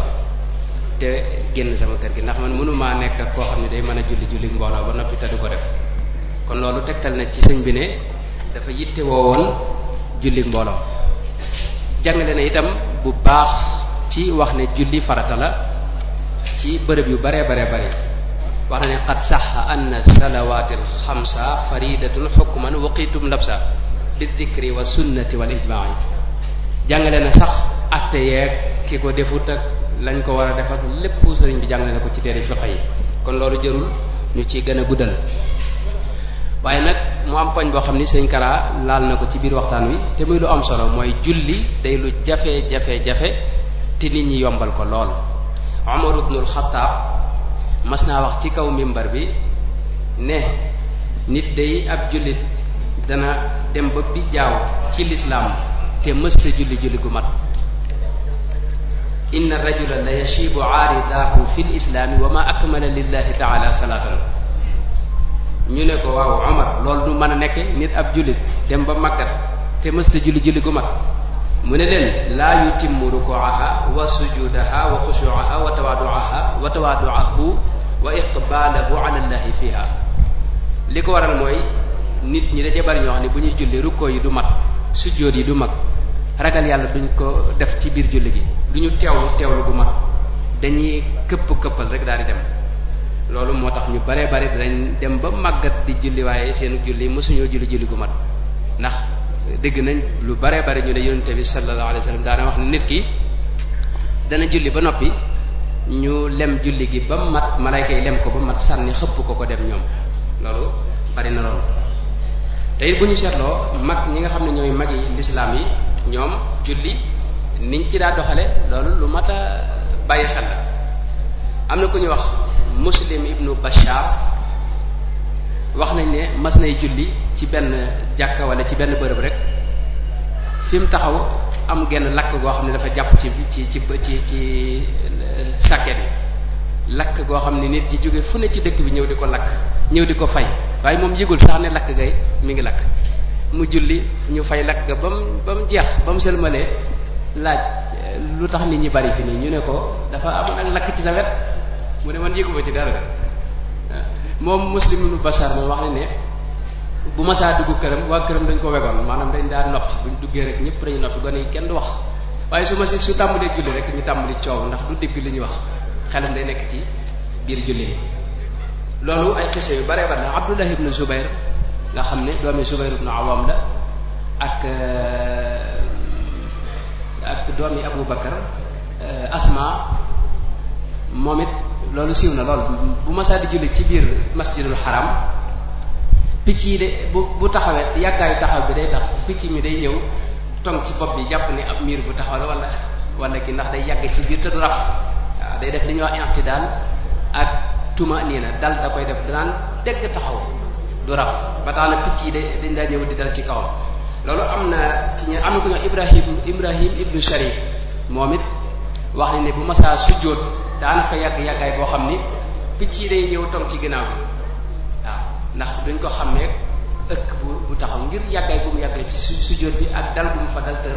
te génn sama kër gi ndax man mënumaa nekk ak koo xam ne day mën a julli julli mbooloo ba noppi te du ko def kon loolu tegtal na ci sëñ bi ne dafa yitte woon julli mbooloo jàngale na itam bu baax ci wax ne julli farata la ci bërëb yu baree baree bari wax na ne qad saxa anna salawaati alxamsa faridatun xukman waqitum labsa bi dikri wa sunnati wal ijmaa yi jàngale na sax atte yeeg ki ko defut ak lañ ko war a defal lépp sëriñ bi jàngale na ko ci téere fiqh yi kon loolu jërul ñu ci gën a guddal waaye nag mu am poñ boo xam ni sëñ Kara laal na ko ci biir waxtaan wi te muy lu am solo mooy julli day lu jafe jafe jafe te nit ñi yombal ko lool Umar ibnul Xattaab mas naa wax ci kaw mimbar bi ne nit day ab jullit dana dem ba bi jaaw ci lislaam te mës ta julli julli gu mat inna rajula la yashibu aaridahu fi lislaami wa ma akmala lillahi taala salaatan ñu ne ko waaw Omar loolu du mën a nekk nit ab jullit dem ba màggat te mës ta julli julli gu mat mu ne leen laa yutimmu rukuaha wa sujudaha wa xushuaha wa tawaaduaha wa tawaaduahu wa iqbaalahu ala llahi fiha li ko mooy nit ñi daje bari ñoo xam ne bu ñuy julli rukkoo yi du mat sujjóot yi du mag ragal yàlla duñ ko def ci biir julli gi du ñu teewlu teewlu gu dañuy këpp këppal rek daal di dem loolu moo tax ñu bare bare dinañ dem ba màggat di julli waaye seen julli mosuñoo julli julli gu mat ndax dégg nañ lu bare bare ñu ne yonente bi sallallahu wax nit ki dana julli ba noppi ñu lem julli gi ba mat malayka yi lem ko ba mat sànni xëpp ko ko dem ñoom loolu bari na loolu te it bu ñu seetloo mag ñi nga xam ne ñooy mag yi lislaam yi ñoom julli niñ ci daa doxale loolu lu mat a bàyyi xel la am na ku ñu wax muslim ibnu bashar wax nañ ne mas nay julli ci benn jàkka wala ci benn bërëb rek fi mu taxaw am genn lakk goo xam ne dafa jàpp ci ci ci ci sàkket yi lakk goo xam ne nit di jóge fu ne ci dëkk bi ñëw di ko lakk ñëw di ko fay waaye moom yëgul sax ne lakk gay mi ngi lakk mu julli ñu fay lakk ga ba mu jeex ba mu sëlmalee laaj lu tax nit ñi bari fi nii ñu ne ko dafa amoon ak lakk ci sa wet mu ne man yëguma ci dara moom muslim lu basar moom wax na ne bu ma saa dugg këram waa këram dañ ko wegoon maanaam dañ daa noppi buñ duggee rek ñëpp dañu noppi gone yi kenn du wax waaye su ma su tàmbalee julli rek ñu tàmbali coow ndax du dégg li ñu wax xelam day nekk ci biir julli yi loolu ay xise yu bare bare la Abdullah ibn Zubair nga xam ne doomi Zubair ibn Awam la ak euh, ak doomi Abu Bakar euh, Asma moom it loolu siiw na lool bu masaa di julli ci biir masjidul haram picc yi de bu bu taxawee yàggaayu taxaw bi day tax picc mi day ñëw tong ci bopp bi jàpp ni ab miir bu taxaw la wala wala ki ndax day yàgg ci biir te du raf waaw day def li ñuy wax nii na dal da koy def danaan dégg taxaw du ba tax na picc yi dañ daa ñëw di dal ci kawam loolu am na ci ñe am na ku ñuy wax Ibrahim Ibrahim ibnu Sharif moom it wax ni ne bu masaa sujjóot daana fa yàgg-yàggaay boo xam ni picc yi day ñëw tong ci ginnaaw bi waaw ndax duñ ko xam ne ëkk taxaw ngir yàggaay bu mu yàggee ci su sujjóot bi ak dal bu mu fa dal te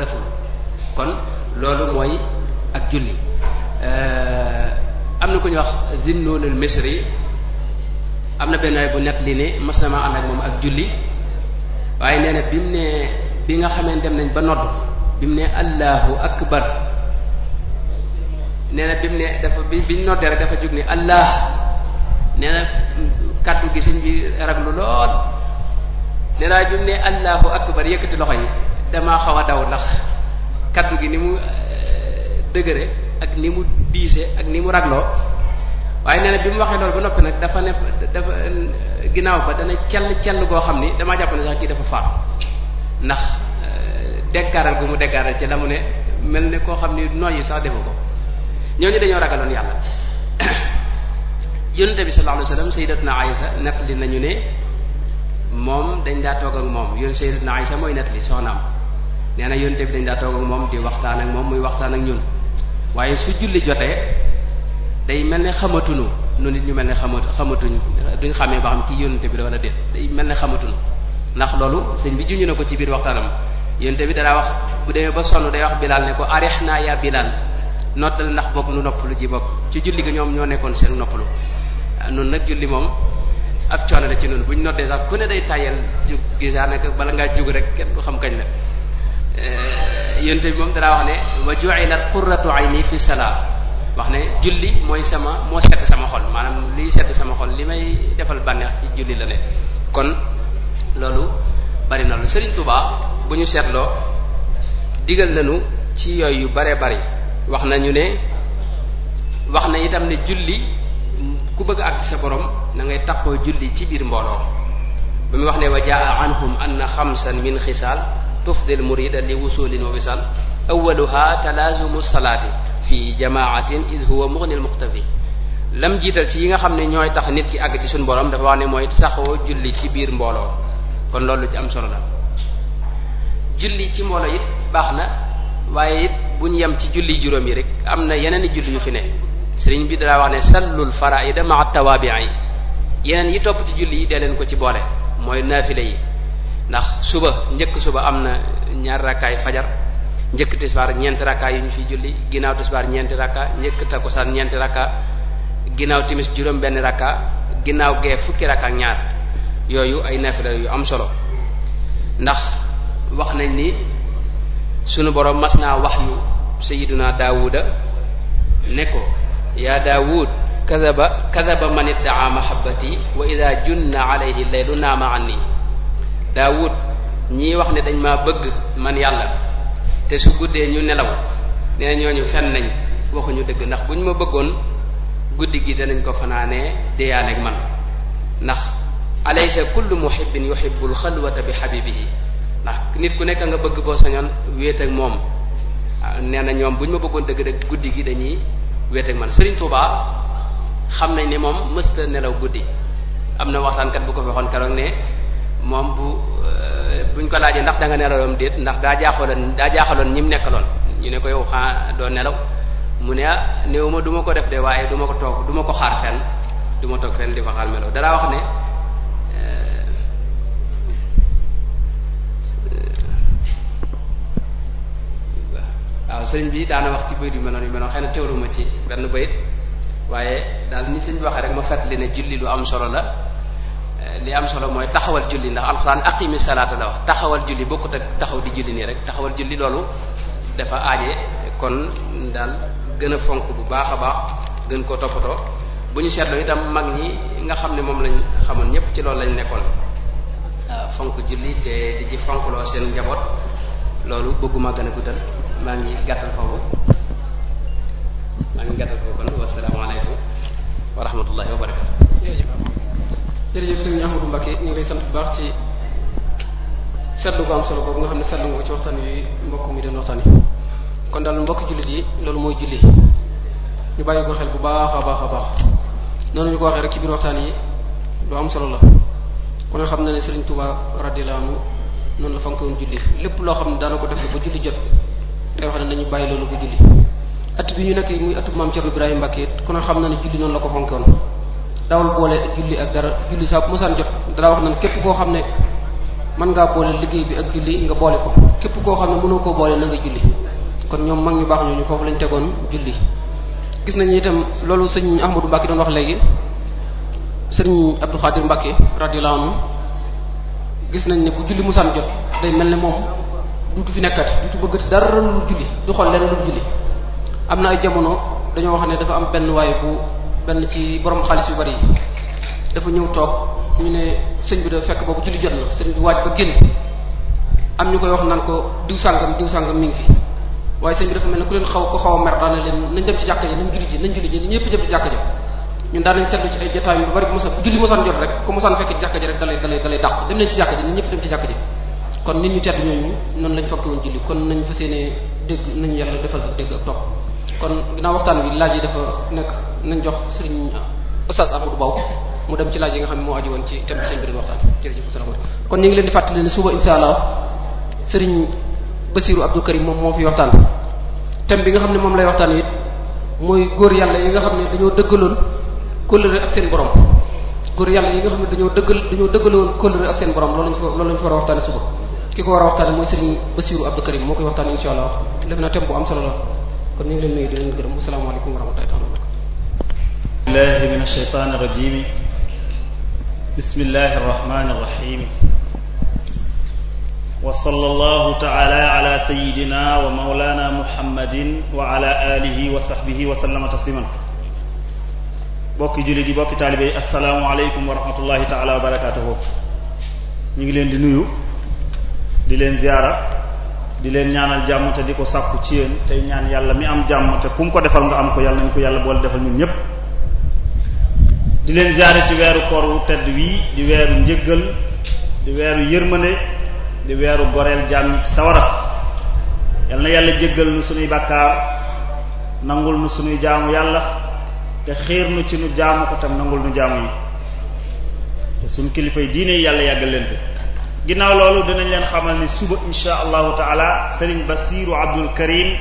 kon loolu mooy ak julli euh, am na ku ñuy wax Zimnoonul Misri am na benn waay bu net li ne mas na maa ànd moom ak julli waaye nee na bi mu ne bi nga xamee dem nañ ba nodd bi mu ne allahu akbar nee na bi mu ne dafa bi biñ noddee rek dafa jóg ne allah nee na kàddu gi sëñ bi raglu lool nee naa bi mu ne allahu akbar yëkkati loxo yi damaa xaw a daw ndax kaddu gi ni mu euh, dëgëre ak ni mu diise ak ni mu ragloo waaye nee na bi mu waxee loolu ba noppi nag dafa ne dafa ginnaaw ba dana cell cell goo xam ni damaa jàpp ne sax kii dafa faatu ndax euh, dekkaaral gu mu dekkaaral ci la mu ne mel ne koo xam ni noyyi sax defu ko ñooñu dañoo ragaloon yàlla yonente bi sallallahu alayhi na sayyidatuna Aïsa nettali nañu ne moom dañ daa toog ak moom yoon Sayyidatuna sa mooy nettali soxnaam nee na yonte bi dañ daa toog ak moom di waxtaan ak moom muy waxtaan ak ñun waaye su julli jotee day mel ne xamatunu nu nit ñu mel ne xamatu xamatuñ duñ xamee ba xam ci yonte bi la wala déet day mel ne xamatunu ndax loolu sëñ bi juñu ne ko ci biir waxtaanam yonte bi danaa wax bu demee ba sonn day wax Bilaal ne ko arix naa yaa Bilaal noddal ndax bokk nu lu ji bokk ci julli gi ñoom ñoo nekkoon seen noppalu noonu nag julli moom ab coono la ci noonu bu ñu noddee sax ku ne day tàyyal jug gi daanaka bala ngaa jug rek kenn du xam kañ la eh, yénte bi moom danaa wax ne wa ju'ilat qurratu ayni fi salaa wax ne julli mooy sama moo sedd sama xol maanaam liy sedd sama xol li may defal bànneex ci julli la ne kon loolu bari na lu Serigne Touba bu ñu seetloo digal nañu ci yooy yu bare bari wax nañu ne wax na itam ne julli ku bëgg ak sa borom na ngay taqoo julli ci biir mbooloo ba mu wax ne wa jaa anhum anna xamsan min xisaal tufdil murida li wusulin wa wisal awaluha talaazumu salaati fi jamaatin id huwa mugnil muqtafi lam jiital ci yi nga xam ne ñooy tax nit ki àgg ci suñu borom dafa wax ne mooy saxoo julli ci biir mbooloo kon loolu ci am solo la julli ci mbooloo it baax na waaye it buñ yem ci julli juróom yi rek am na yeneen i julli yu fi ne sëriñ bi dalaa wax ne sallul faraida ma tawaabii yeneen yi topp ci julli yi dee leen ko ci boole mooy naafile yi ndax suba njëkk suba am na ñaar rakkaay fajar njëkk tisbaar ñeenti rakkaa yu ñu fi julli ginnaaw tisbaar ñeenti rakka njëkk takusaan ñeenti rakka ginnaaw timis juróom benn rakka ginnaaw gee fukki rakka ak ñaar yooyu ay naafila yu am solo ndax wax nañ ni sunu borom mas naa wax yu sayyiduna daawuda ne ko yaa daawud kadaba kadaba man iddaa mahabbati wa ida junna alayhi laylu naama an nii daawud ñii wax ne dañ ma bëgg man yàlla te su guddee ñu nelaw nee ñooñu fen nañ waxuñu dëgg ndax bu ñu ma bëggoon guddi gi danañ ko fanaanee deyaale ak man ndax alaysa kullu muhibbin yuhibbul xalwata bi habibihi ndax nit ku nekk nga bëgg boo sañoon wéet ak moom ah, nee na ñoom bu ñu ma bëggoon dëgg rek guddi gi dañuy wéet ak man Serigne Touba xam nañ ni moom mësta nelaw guddi am na waxtaankat bu ko fi waxoon keroog ne moom bu euh, buñ ko laajee ndax danga nga nelawam déet ndax daa jaaxaloon daa jaaxaloon ñi mu nekkaloon ñu ne ko yow xanaa doo nelaw mu ne ah, néew ma duma ko def de waaye duma ko toog duma ko xaar fenn du ma toog fenn di fa xaar melaw danaa wax ne. Euh, waaw sëriñ bi daana wax ci bayit yu meloon yu meloon xëy na teewluma ci benn bayit waaye daal ni sëñ bi waxee rek ma fàttali ne julli lu am solo la eh, li am solo mooy taxawal julli ndax alxuraan aqimi salaata la wax taxawal julli bokkut ak taxaw di julli nii rek taxawal julli loolu dafa aaje kon daal gën a fonk bu baax a baax gën koo toppatoo bu ñu seetloo itam mag ñi nga xam ne moom lañ xamoon ñépp ci loolu lañ nekkoon ah, fonk julli te di ci fonkloo seen njaboot loolu bëgguma gën a guddal maa ngi gàttal foofu maa ngi gàttal foofu kon wasalaamaaleykum wa rahmatullahi wa barakatu jërëjëf jërëjëf sëñ ngi lay sant bu baax ci seetlu ko am solo boobu nga xam ne seetlu nga ci waxtaan yi mbokk mi doon kon daal mbokk jullit yi loolu mooy julli ñu bàyyi ko xel bu baax a baax a baax noonu ñu ko waxee ci biir waxtaan yi lu solo la ku xam na ne Serigne Touba radiyallahu anhu noonu la fonkoon julli lépp loo xam ne daana ko def ba julli jot te wax ne nañu bàyyi loolu ko julli at bi ñu nekk muy atub maam Cerno Ibrahima Mbàkke it ku ne xam na ne julli noonu la ko fonkoon dawal boole julli ak dara julli saa bu mosaan jot dara wax na ne képp koo xam ne mën ngaa boole liggéey bi ak julli nga boole ko képp koo xam ne mënoo koo boole na nga julli kon ñoom mag ñu baax ñooñu foofu lañu tegoon julli gis nañu itam loolu sëñ Ahmadou Mbàkke doon wax léegi sëriñ Abdou Khadir Mbàkke radiyallahu anhu gis nañ ne bu julli musaan jot day mel ne moom duutu fi nekkati duutu bëggati dara lu julli du xool leen lu julli am na ay jamono dañoo wax ne dafa am benn waaye bu benn ci borom xaalis yu bari yi dafa ñëw toog ñu ne sëñ bi da fekk julli na ko diw a mer daana ñëpp jëm ci jàkka ji mosaan jot rek ku mosaan fekk jàkka ji rek dalay dalay dàq dem leen ci jàkka ji ñun ñëpp dem ci jàkka ji kon nit ñu tedd ñooñu noonu lañ fokke woon julli kon nañ fas yéene dégg nañu yàlla defal ak dégg ak topp kon ginnaaw waxtaan bi laaj yi dafa nekk nañ jox sëriñ Oustaz Amadou Baw mu dem ci laaj yi nga xam ne moo aju woon ci thème bi seen biir waxtaan kon ñu ngi leen di fàttali ne suba insha allah sëriñ Basiru Abdou Karim moom moo fi waxtaan thème bi nga xam ne moom lay waxtaan it mooy góor yàlla yi nga xam ne dañoo dëggaloon kóllëre ak seen borom góor yàlla yi nga xam ne dañoo dëggal dañoo dëggaloon kóllëre seen borom loolu lañ fa loolu lañ fa war suba ki ko war a waxtaane mooy sëriñ Basiru Abdou Karim moo koy waxtaane insha allah def na thème bu am solo la kon ñu ngi leen nuyu di leen gërëm asalaamaaleykum wa rahmatullahi taala wa barakatuh min ash-shaytaan ar-rajiim bismillahi ar-rahmaani ar-rahiim wa sallallahu ta'ala ala sayyidina wa mawlana muhammadin wa ala alihi wa sahbihi wa sallama tasliman bokki jullit yi bokki taalibe yi assalaamu aleykum wa rahmatullahi ta'ala wa barakatuh ñu ngi leen di nuyu di leen ziyaara di leen ñaanal jàmm te di ko sàkku ci yéen tey ñaan yàlla mi am jàmm te ku mu ko defal nga am ko yàlla nañu ko yàlla boole defal ñun ñépp di leen ziyaara ci weeru koor wu tedd wii di weeru njëggal di weeru yërmande di weeru goreel jàmm ci sawara yal yàlla jéggal nu sunuy bàkkaar nangul nu sunuy jaamu yàlla te xiir nu ci nu jaamu ko tam nangul nu jaamu yi te sunu kilifa yi diine yàlla yàggal leen fi ginnaaw loolu dinañ leen xamal ni suba insha allahu taala Serigne Bassirou Abdoul Karim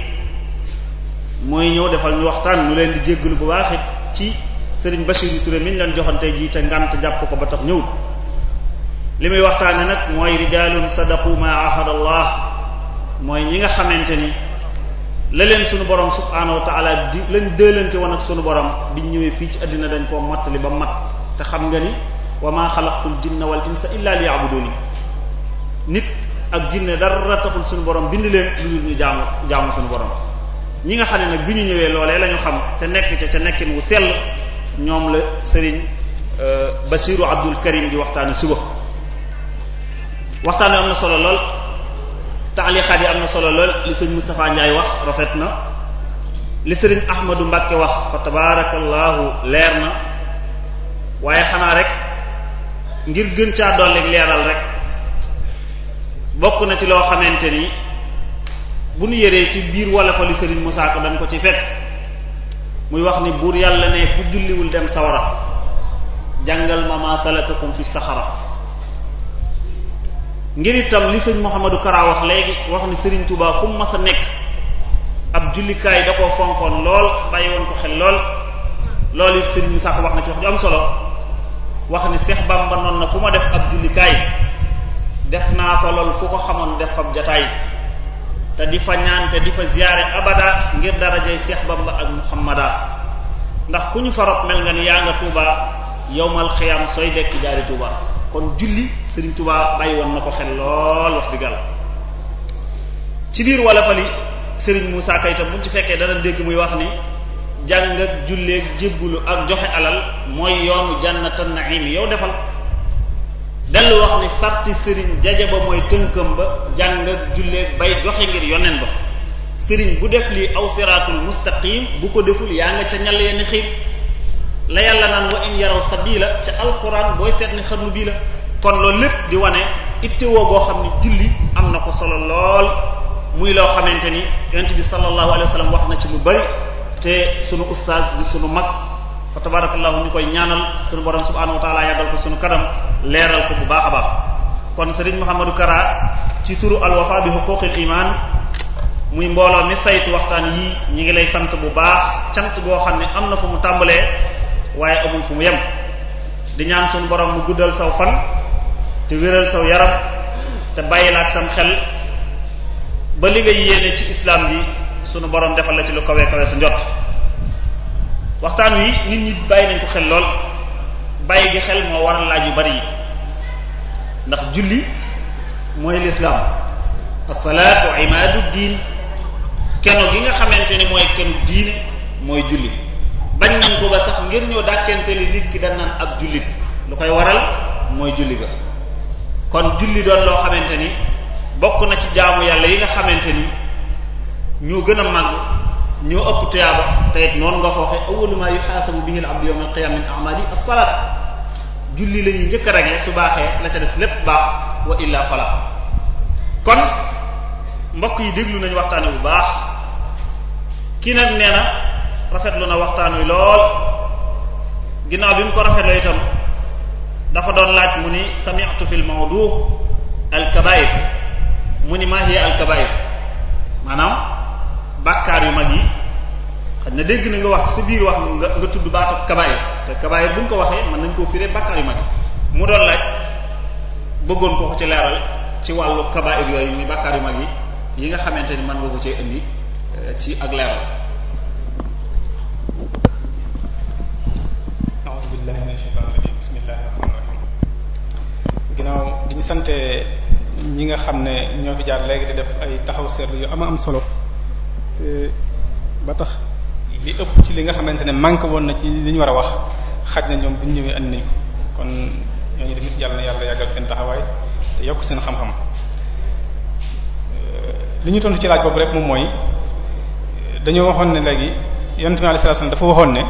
mooy ñëw defal ñu waxtaan ñu leen di jéggalu bu baax it ci Serigne Bassirou Touré mi ñu leen joxante ji te ngant jàpp ko ba tax ñëwul li muy waxtaane nag mooy rijaalun sadaqu ma ahad allah mooy ñi nga xamante ni la sunu borom subhaanahu wa taala di lañ dëlante woon ak sunu borom bi ñu ñëwee fii ci àddina dañ koo mottali ba mat te xam nga ni wa ma xalaqtul jinna wal insa illa liya'buduni nit ak jinne dara taxul suñu borom bind leen lu ñu jaamu jaamu suñu borom ñi nga xam ne nag bi ñu ñëwee loolee la xam te nekk ca ca nekkin wu sell ñoom la sëriñ euh, Basiru Abdul Karim di waxtaane suba waxtaane am na solo lool taxlixaat yi am na solo lool li sëriñ Moustapha Ndiaye wax rafet na li sëriñ Ahmadu Mbàkke wax fa tabarakallahu leer na waaye xanaa rek ngir gën caa dolli leeral rek bokk na ci loo xamante ni bu nu yëree ci biir wala fa li Serigne Moussa dañ ko ci fekk muy wax ni buur yàlla ne ku julliwul dem sawara jàngal ma ma salakakum fi saxara ngir itam li sëñ Mouhamadou Kara wax léegi wax ni Serigne Touba fu mu mas a nekk ab jullikaay da ko fonkoon lool bàyyi woon ko xel lool loolu it Serigne Moussa wax na ci wax ju am solo wax ni Seex Bamba noonu na fu ma def ab jullikaay def naa ko lool ku ko xamoon def fab jataay te di fa ñaan di fa ziyaare abada ngir darajay Seex Bamba ak Muhammada ndax ku ñu farop mel nga ni yaa nga Touba yowmal xiyaam sooy dekk jaari Touba kon julli Sëriñ Touba bàyyi woon na ko xel lool wax digal ci biir wala fali Sëriñ Moussa Kay tam buñ ci fekkee dana dégg muy wax ni jàng ak julleeg jébbulu ak joxe alal mooy yoonu jannatan naim yow defal dellu wax ni sarti sëriñ jaja ba mooy tënkam ba jàng ak julleeg bay joxe ngir yonen ba sëriñ bu def lii aw siraatul mustaqim bu ko deful yaa nga ca ñal yenn xiib la yàlla naan wa in yaraw sabila ca alxuraan booy seet ni xarnu bii la kon lool lépp di wane ittewoo boo xam ne julli am na ko solo lool muy loo xamante ni yonent bi sallallahu alayhi wa sallam wax na ci lu bari te sunu ustaas bi sunu mag fa tabarakallahu ñu koy ñaanal sunu borom subhanahu wa taala yàggal ko sunu kanam leeral ko bu baax baax kon sëriñ Mouhamadou Kara ci turu Al Wafa bi huquqil iman muy mbooloo mi saytu waxtaan yii ñi ngi lay sant bu baax cant boo xam ne am na fu mu tàmbalee waaye amul fu mu yem di ñaan sunu borom mu guddal saw fan te wéral saw yaram te bàyyi la ak sam xel ba li nga ci islam bi sunu borom defal la ci lu kawe kawe sa njot waxtaan wi nit ñi bàyyi nañ ko xel lool bàyyi gi xel moo waral laaj yu bari yi ndax julli mooy lislaam asalaatu imaadu diin keno gi nga xamante ni mooy kenu diine mooy julli bañ nañ ko ba sax ngir ñoo dàkkente nit ki dañ ak ab jullit lu koy waral mooy julli ga kon julli doon loo xamante ni bokk na ci jaamu yàlla yi nga xamante ni ñoo gën a màgg ñoo ëpp tuyaaba te noonu nga ko waxee awwalu maa yuhaasabu bihi al-abdu yawma al-qiyaamati min a'maali as julli la ñuy njëkk a su baaxee la ca des lépp baax wa illaa falaa kon mbokk yi déglu nañu waxtaane bu baax kii nag nee na rafetlu na waxtaan wi lool ginnaaw bi mu ko rafetloo itam dafa doon laaj mu ni sami'tu fil mawdu' al-kabaa'ir mu ni maa al-kabaa'ir maanaam bàkkaar yu mag yi xam na dégg na nga wax ci sa biir wax nga nga tudd ak kabaayir te kabaayir bu ñu ko waxee mën nañ koo firee bàkkaar yu mag yi mu doon laaj bëggoon ko ci leeral ci wàllu kabaayir yooyu ni bàkkaar yu mag yi yi nga xamante ni man nga ko cee indi eh, ci ak leeral a'udhu billahi minash shaitanir rajim sante ñi nga xam ne ñoo fi jaar léegi te def ay taxaw seetlu yu ama am solo te ba tax li ëpp ci li nga xamante ne manqué woon na ci li ñu war a wax xaj na ñoom bu ñu ñëwee andi ko kon ñooñu tamit yàlla yàlla yàggal seen taxawaay te yokk seen xam-xam euh, li ñu tontu ci laaj boobu rek moom mooy dañoo waxoon ne léegi yonent bi alayhi salaam dafa waxoon ne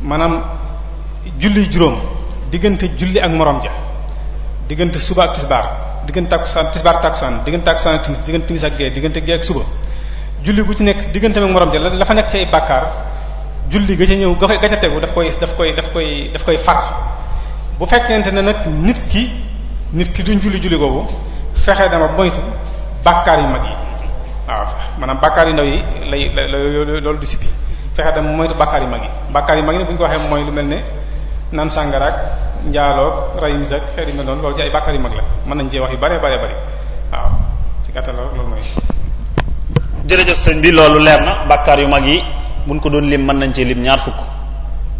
maanaam julli juróom diggante julli ak morom ja diggante suba ak tisbaar diggante takkusaan tisbaar takkusaan diggante takkusaan timis diggante timis ak gee diggante gee ak suba julli bu ci nekk diggante ak morom ja la fa nekk ci ay bàkkaar julli ga ca ñëw ga ga ca tegu daf koy daf koy daf koy daf koy far bu fekkente ne nag nit ki nit ki du julli julli googu fexe dama moytu bàkkaar maanaam bàkkaar yi lay loolu di sippi fexe dama moytu bàkkaar yu mag yi bàkkaar yu mag yi bu ñu ko waxee mooy lu mel ne naan sàngaraak njaaloog rayu misag xeet yu mel noonu loolu ci ay bàkkaar yu mag la mën nañ cee wax yu bare bare bari waaw ci gàttal loolu mooy jërëjëf sëñ bi loolu leer na bàkkaar yu mag yi buñ ko doon lim mën nañ ci lim ñaar fukk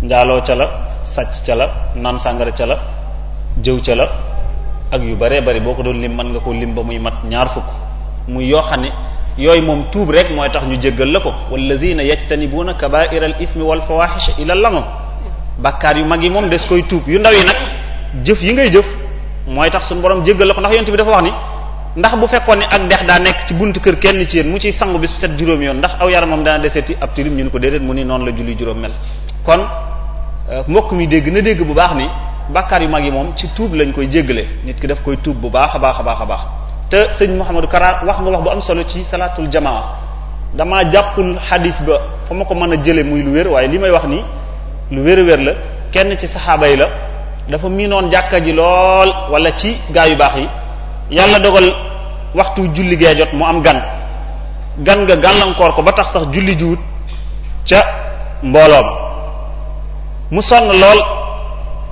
njaaloo ca la sàcc ca la naan sàngara ca la jëw ca la ak yu bare bari boo ko doon lim mën nga ko lim ba muy mat ñaar fukk muy yoo xam ne yooyu moom tuub rek mooy tax ñu jéggal la ko wallazina yajtanibuna kabaira al ismi wal fawahisha ila lamam bàkkaar yu mag yi moom des koy tuub yu ndaw yi nag jëf yi ngay jëf mooy tax suñu borom jéggal la ko ndax yonent bi dafa ni ndax bu fekkoon ne ak dex daa nekk ci buntu kër kenn ci yéen mu ciy sangu bis set juróom yoon ndax aw yaramam dana deseti ab tilim ñu ni ko déedéet mu ni noonu la julli juróom mel kon euh, mbokk mi dégg na dégg bu baax ni bàkkaar yu mag yi moom ci tuub lañ koy jéggale nit ki daf koy tuub bu baax a baax a baax a baax te sëñ Mouhamadou Kara wax nga wax bu am solo ci salaatul jamaa damaa jàppul xadis ba fa ma ko mën a jële muy lu wér waaye li may wax nii lu wér wér la kenn ci saxaaba yi la dafa miinoon jàkka ji lool wala ci gaa yu baax yi waxtu julli gee jot mu am gan gan nga gàllankoor ko ba tax sax julli jiwut ca mbooloom mu sonn lool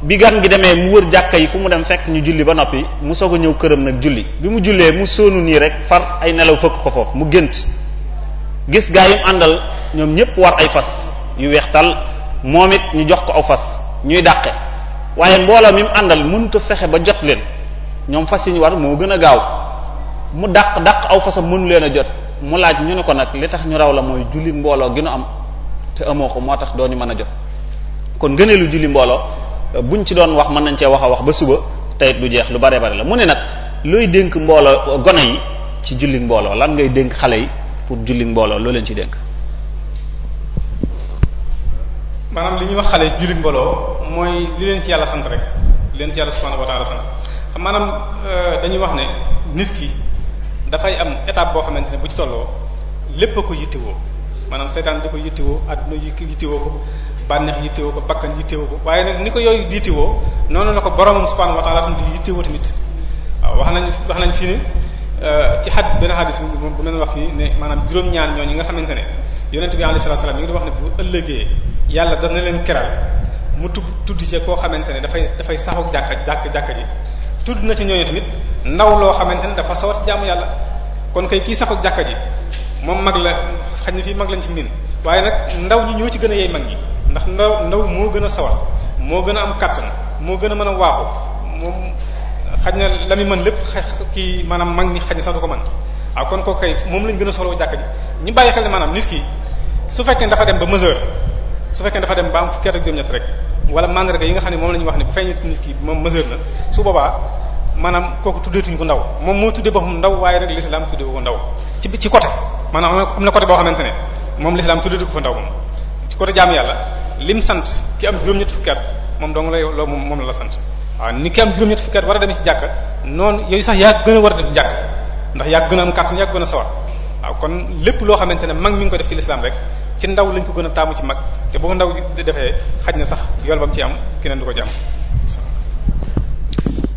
bi gan gi demee mu wër jàkka yi fu mu dem fekk ñu julli ba noppi mu soog a ñëw këram nag julli bi mu jullee mu sonu nii rek far ay nelaw fëkk ko ko mu gént gis gaa yim àndal ñoom ñépp war ay fas yu weex tal moom it ñu jox ko aw fas ñuy dàqe waaye mbooloo mi mu àndal mënut a fexe ba jot leen ñoom fas yi ñu war moo gën a gaaw mu dàq dàq aw fasam mënu leen a jot mu laaj ñu ne ko nag li tax ñu raw la mooy julli mbooloo gi nu am te amoo ko moo tax doo ñu mën a jot kon ngëneelu julli mbooloo buñ ci doon wax mën nañ cee wax a wax ba suba tayit du jeex lu bare bare la mu ne nag looy dénk mbooloo gone ci julli mbooloo lan ngay dénk xale yi pour julli mbooloo loo leen ci dénk maanaam li ñuy wax xale julli mbooloo mooy li yàlla sant rek li leen ci yàlla subhanahu wa ta'ala sant euh, dañuy wax ne nit ki dafay am étape boo xamante ne bu ci tolloo lépp a ko yittewoo maanaam seytaan da ko yittewoo adduna yittewoo ko bànneex yittewoo ko bakkan yittewoo ko waaye nag ni ko yooyu yittewoo noonu la ko boromam subhanahu wa ta'ala tam di yittewoo tamit waaw wax nañ wax nañ fii ne euh, ci xat benn xadis bu mel wax fii ne maanaam juróom-ñaar ñooñu nga xamante ne yonent bi sallallahu alayhi wasallam yi ngi wax ne bu ëllëgee yàlla dana leen keral mu tudd tudd ci koo xamante ne dafay dafay saxu jàkka jàkk jàkka ji tudd na ci ñooñu tamit ndaw loo xamante ne dafa sawar ci jaamu yàlla kon kay kii saxul jàkka ji moom mag la xaj na fii mag lañ ci miin waaye nag ndaw ñi ñoo ci gën a yey mag ñi ndax ndaw ndaw moo gën a sawar moo gën a am kàttan moo gën a mën a waaxu moom xaj na la muy mën lépp kii maanaam mag ñi xaj na sax du ko man ak kon kooku kay moom lañ gën a soxla jàkka ji ñu bàyyi xel ne maanaam nit ki su fekkee dafa dem ba mesure su fekkee dafa dem ba am fukki ak juróom-ñett rek wala mandarga yi nga xam ne moom la ñu wax ne bu feeñee nit ki moom mesure na su boobaa maanaam kooku tuddeetuñ ko ndaw moom moo tuddee boppam ndaw waaye rek l'islam tuddee ko ndaw ci ci côté maanaam am na côté boo xamante ne moom l'islam tuddeetu ko fa ndaw moom ci côté jaam sant ki am juróom-ñett fukki at moom dong lay loo moom la la sant waaw ni ki am juróom-ñett fukki at war a dem ci jàkka noonu yooyu sax yaa gën a war a dem jàkka ndax yaa gën a am kàttan yaa gën a sawar waaw kon lépp loo xamante ne mag mi ngi ko def ci l'islam rek ci ndaw lañ ko gën a taamu ci mag te boo ndaw di defee xaj na sax yool ci am keneen du ko ci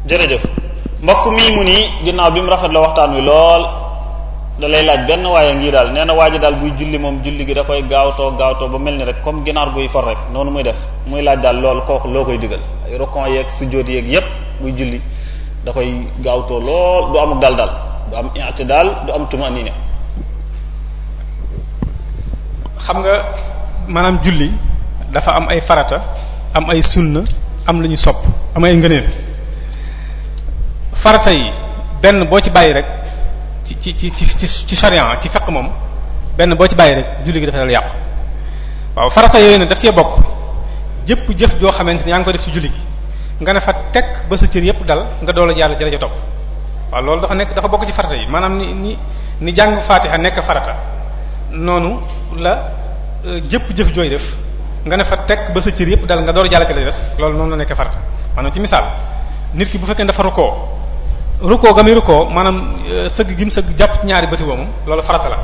jërëjëf mbokk mii mu nii ginnaaw bi mu rafet la waxtaan wi lool da laaj benn waaye ngi daal nee na waa ji daal buy julli moom julli gi da koy gaawtoo gaawtoo ba mel ni rek comme ginaar buy for rek noonu muy def muy laaj daal lool kooku loo koy digal ay rokon yeeg sujjóot yeeg yépp buy julli da koy gaawtoo lool du amuk daal dal du am daal du am tumanina xam nga maanaam julli dafa am ay farata am ay sunna am lu ñu sopp am ay ngëneel farata yi benn boo ci bàyyi rek ci ci ci ci ci ci fekk moom benn boo ci bàyyi rek julli gi dafa dal yàqu waaw farata yooyu nag daf cee bokk jëpp jëf joo xamante ni yaa ngi ko def ci julli nga ne fa teg ba sa cër dal nga dool a jàll ca topp waaw loolu dafa nekk dafa bokk ci farata yi maanaam ni ni ni jàng faatiha nekk farata noonu la euh, jëpp jëf jooy def nga ne fa teg ba sa cër yëpp dal nga door jàll ci la des loolu noonu la nekk farata maanaam ci misaal nit ki bu fekkee dafa rukkoo rukkoo ga muy rukkoo maanaam euh, sëgg gi mu sëgg jàpp ñaari bëti moom loolu farata la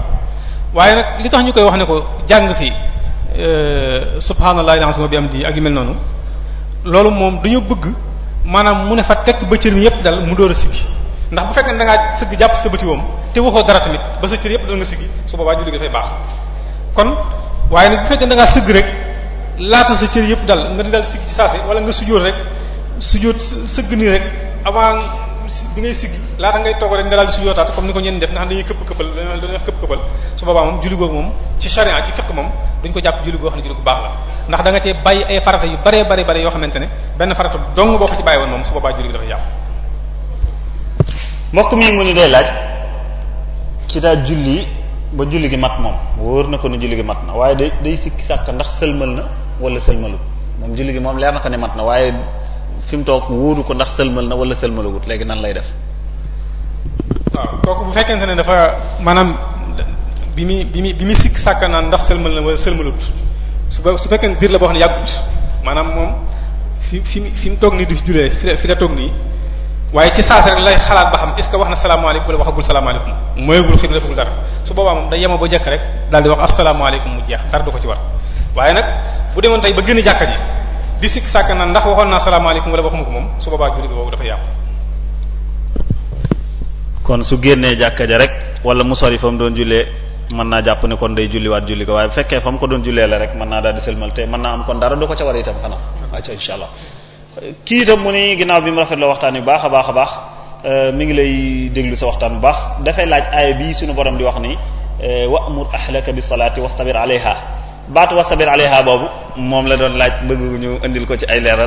waaye nag li tax ñu koy wax ne ko jàng fii euh, subhaanallahi alazim bi am di ak yu mel noonu loolu moom dañoo bëgg maanaam mu ne fa teg ba cër yëpp dal mu door a sikki ndax bu fekkee ne da ngaa sëgg jàpp sa bëti woom te waxoo dara tamit ba sa cër yépp da nga sëggi su boobaa julli gi dafay baax kon waaye nag bu fekkee ne da sëgg rek laata sa cër yépp dal nga di dal sigg ci saase wala nga sujjóot rek sujjóot sëgg nii rek avant bi ngay siggi laata ngay toog rek nga daal di sujjóotaat comme ni ko ñenn def ndax dañuy këpp këppal su boobaa moom julli googu moom ci charia ci fiqh moom duñ ko jàpp julli goo xam baax la ndax da nga yoo xamante ne benn farata dong boo ko ci bàyyi woon moom mbokk mii mu ni day laaj ci daa julli ba julli gi mat moom wóor na ko ne julli gi mat na waaye day day sikk sàkk ndax sëlmal na wala sëlmalu moom julli gi moom leer na ne mat na waaye fi mu toog wóoru ko ndax sëlmal na wala sëlmalugut léegi nan lay def waaw kooku bu fekkente ne dafa maanaam bi muy bi muy bi muy sikk sàkk naan ndax sëlmal na wala sëlmalut su ba su fekkee diir la boo xam yàggut maanaam moom fi fi fi mu toog nii di fi julee fi la toog nii waaye ci saa rek lay xalaat ba xam est ce que wax na salaamaaleykum wala waxagul salaamaaleykum mooyagul xëy na defagul dara su boobaa moom day yemoo ba jekk rek daal di wax asalaamaaleykum mu jeex dara du ko ci war a jàkkat yi na ndax waxoon naa salaamaaleykum ko moom su boobaa julli boobu su génnee jàkka ja rek wala mu sori fa mu doon jullee waaye doon jullee la rek mën naa daal di sëlmal te mën naa am kon dara du ko ca war itam xanaa. waaw incha kii itam mu ni ginnaaw bi mu la waxtaan yu baax a baax a baax euh, mi ngi lay déglu sa waxtaan bu baax dafay laaj aaya bi suñu borom di wax ni euh, wa'mur ahlaka bis salaati wastabir alayha baatu wastabir alayha boobu moom la doon laaj bëgg ñu indil ko ci ay leeral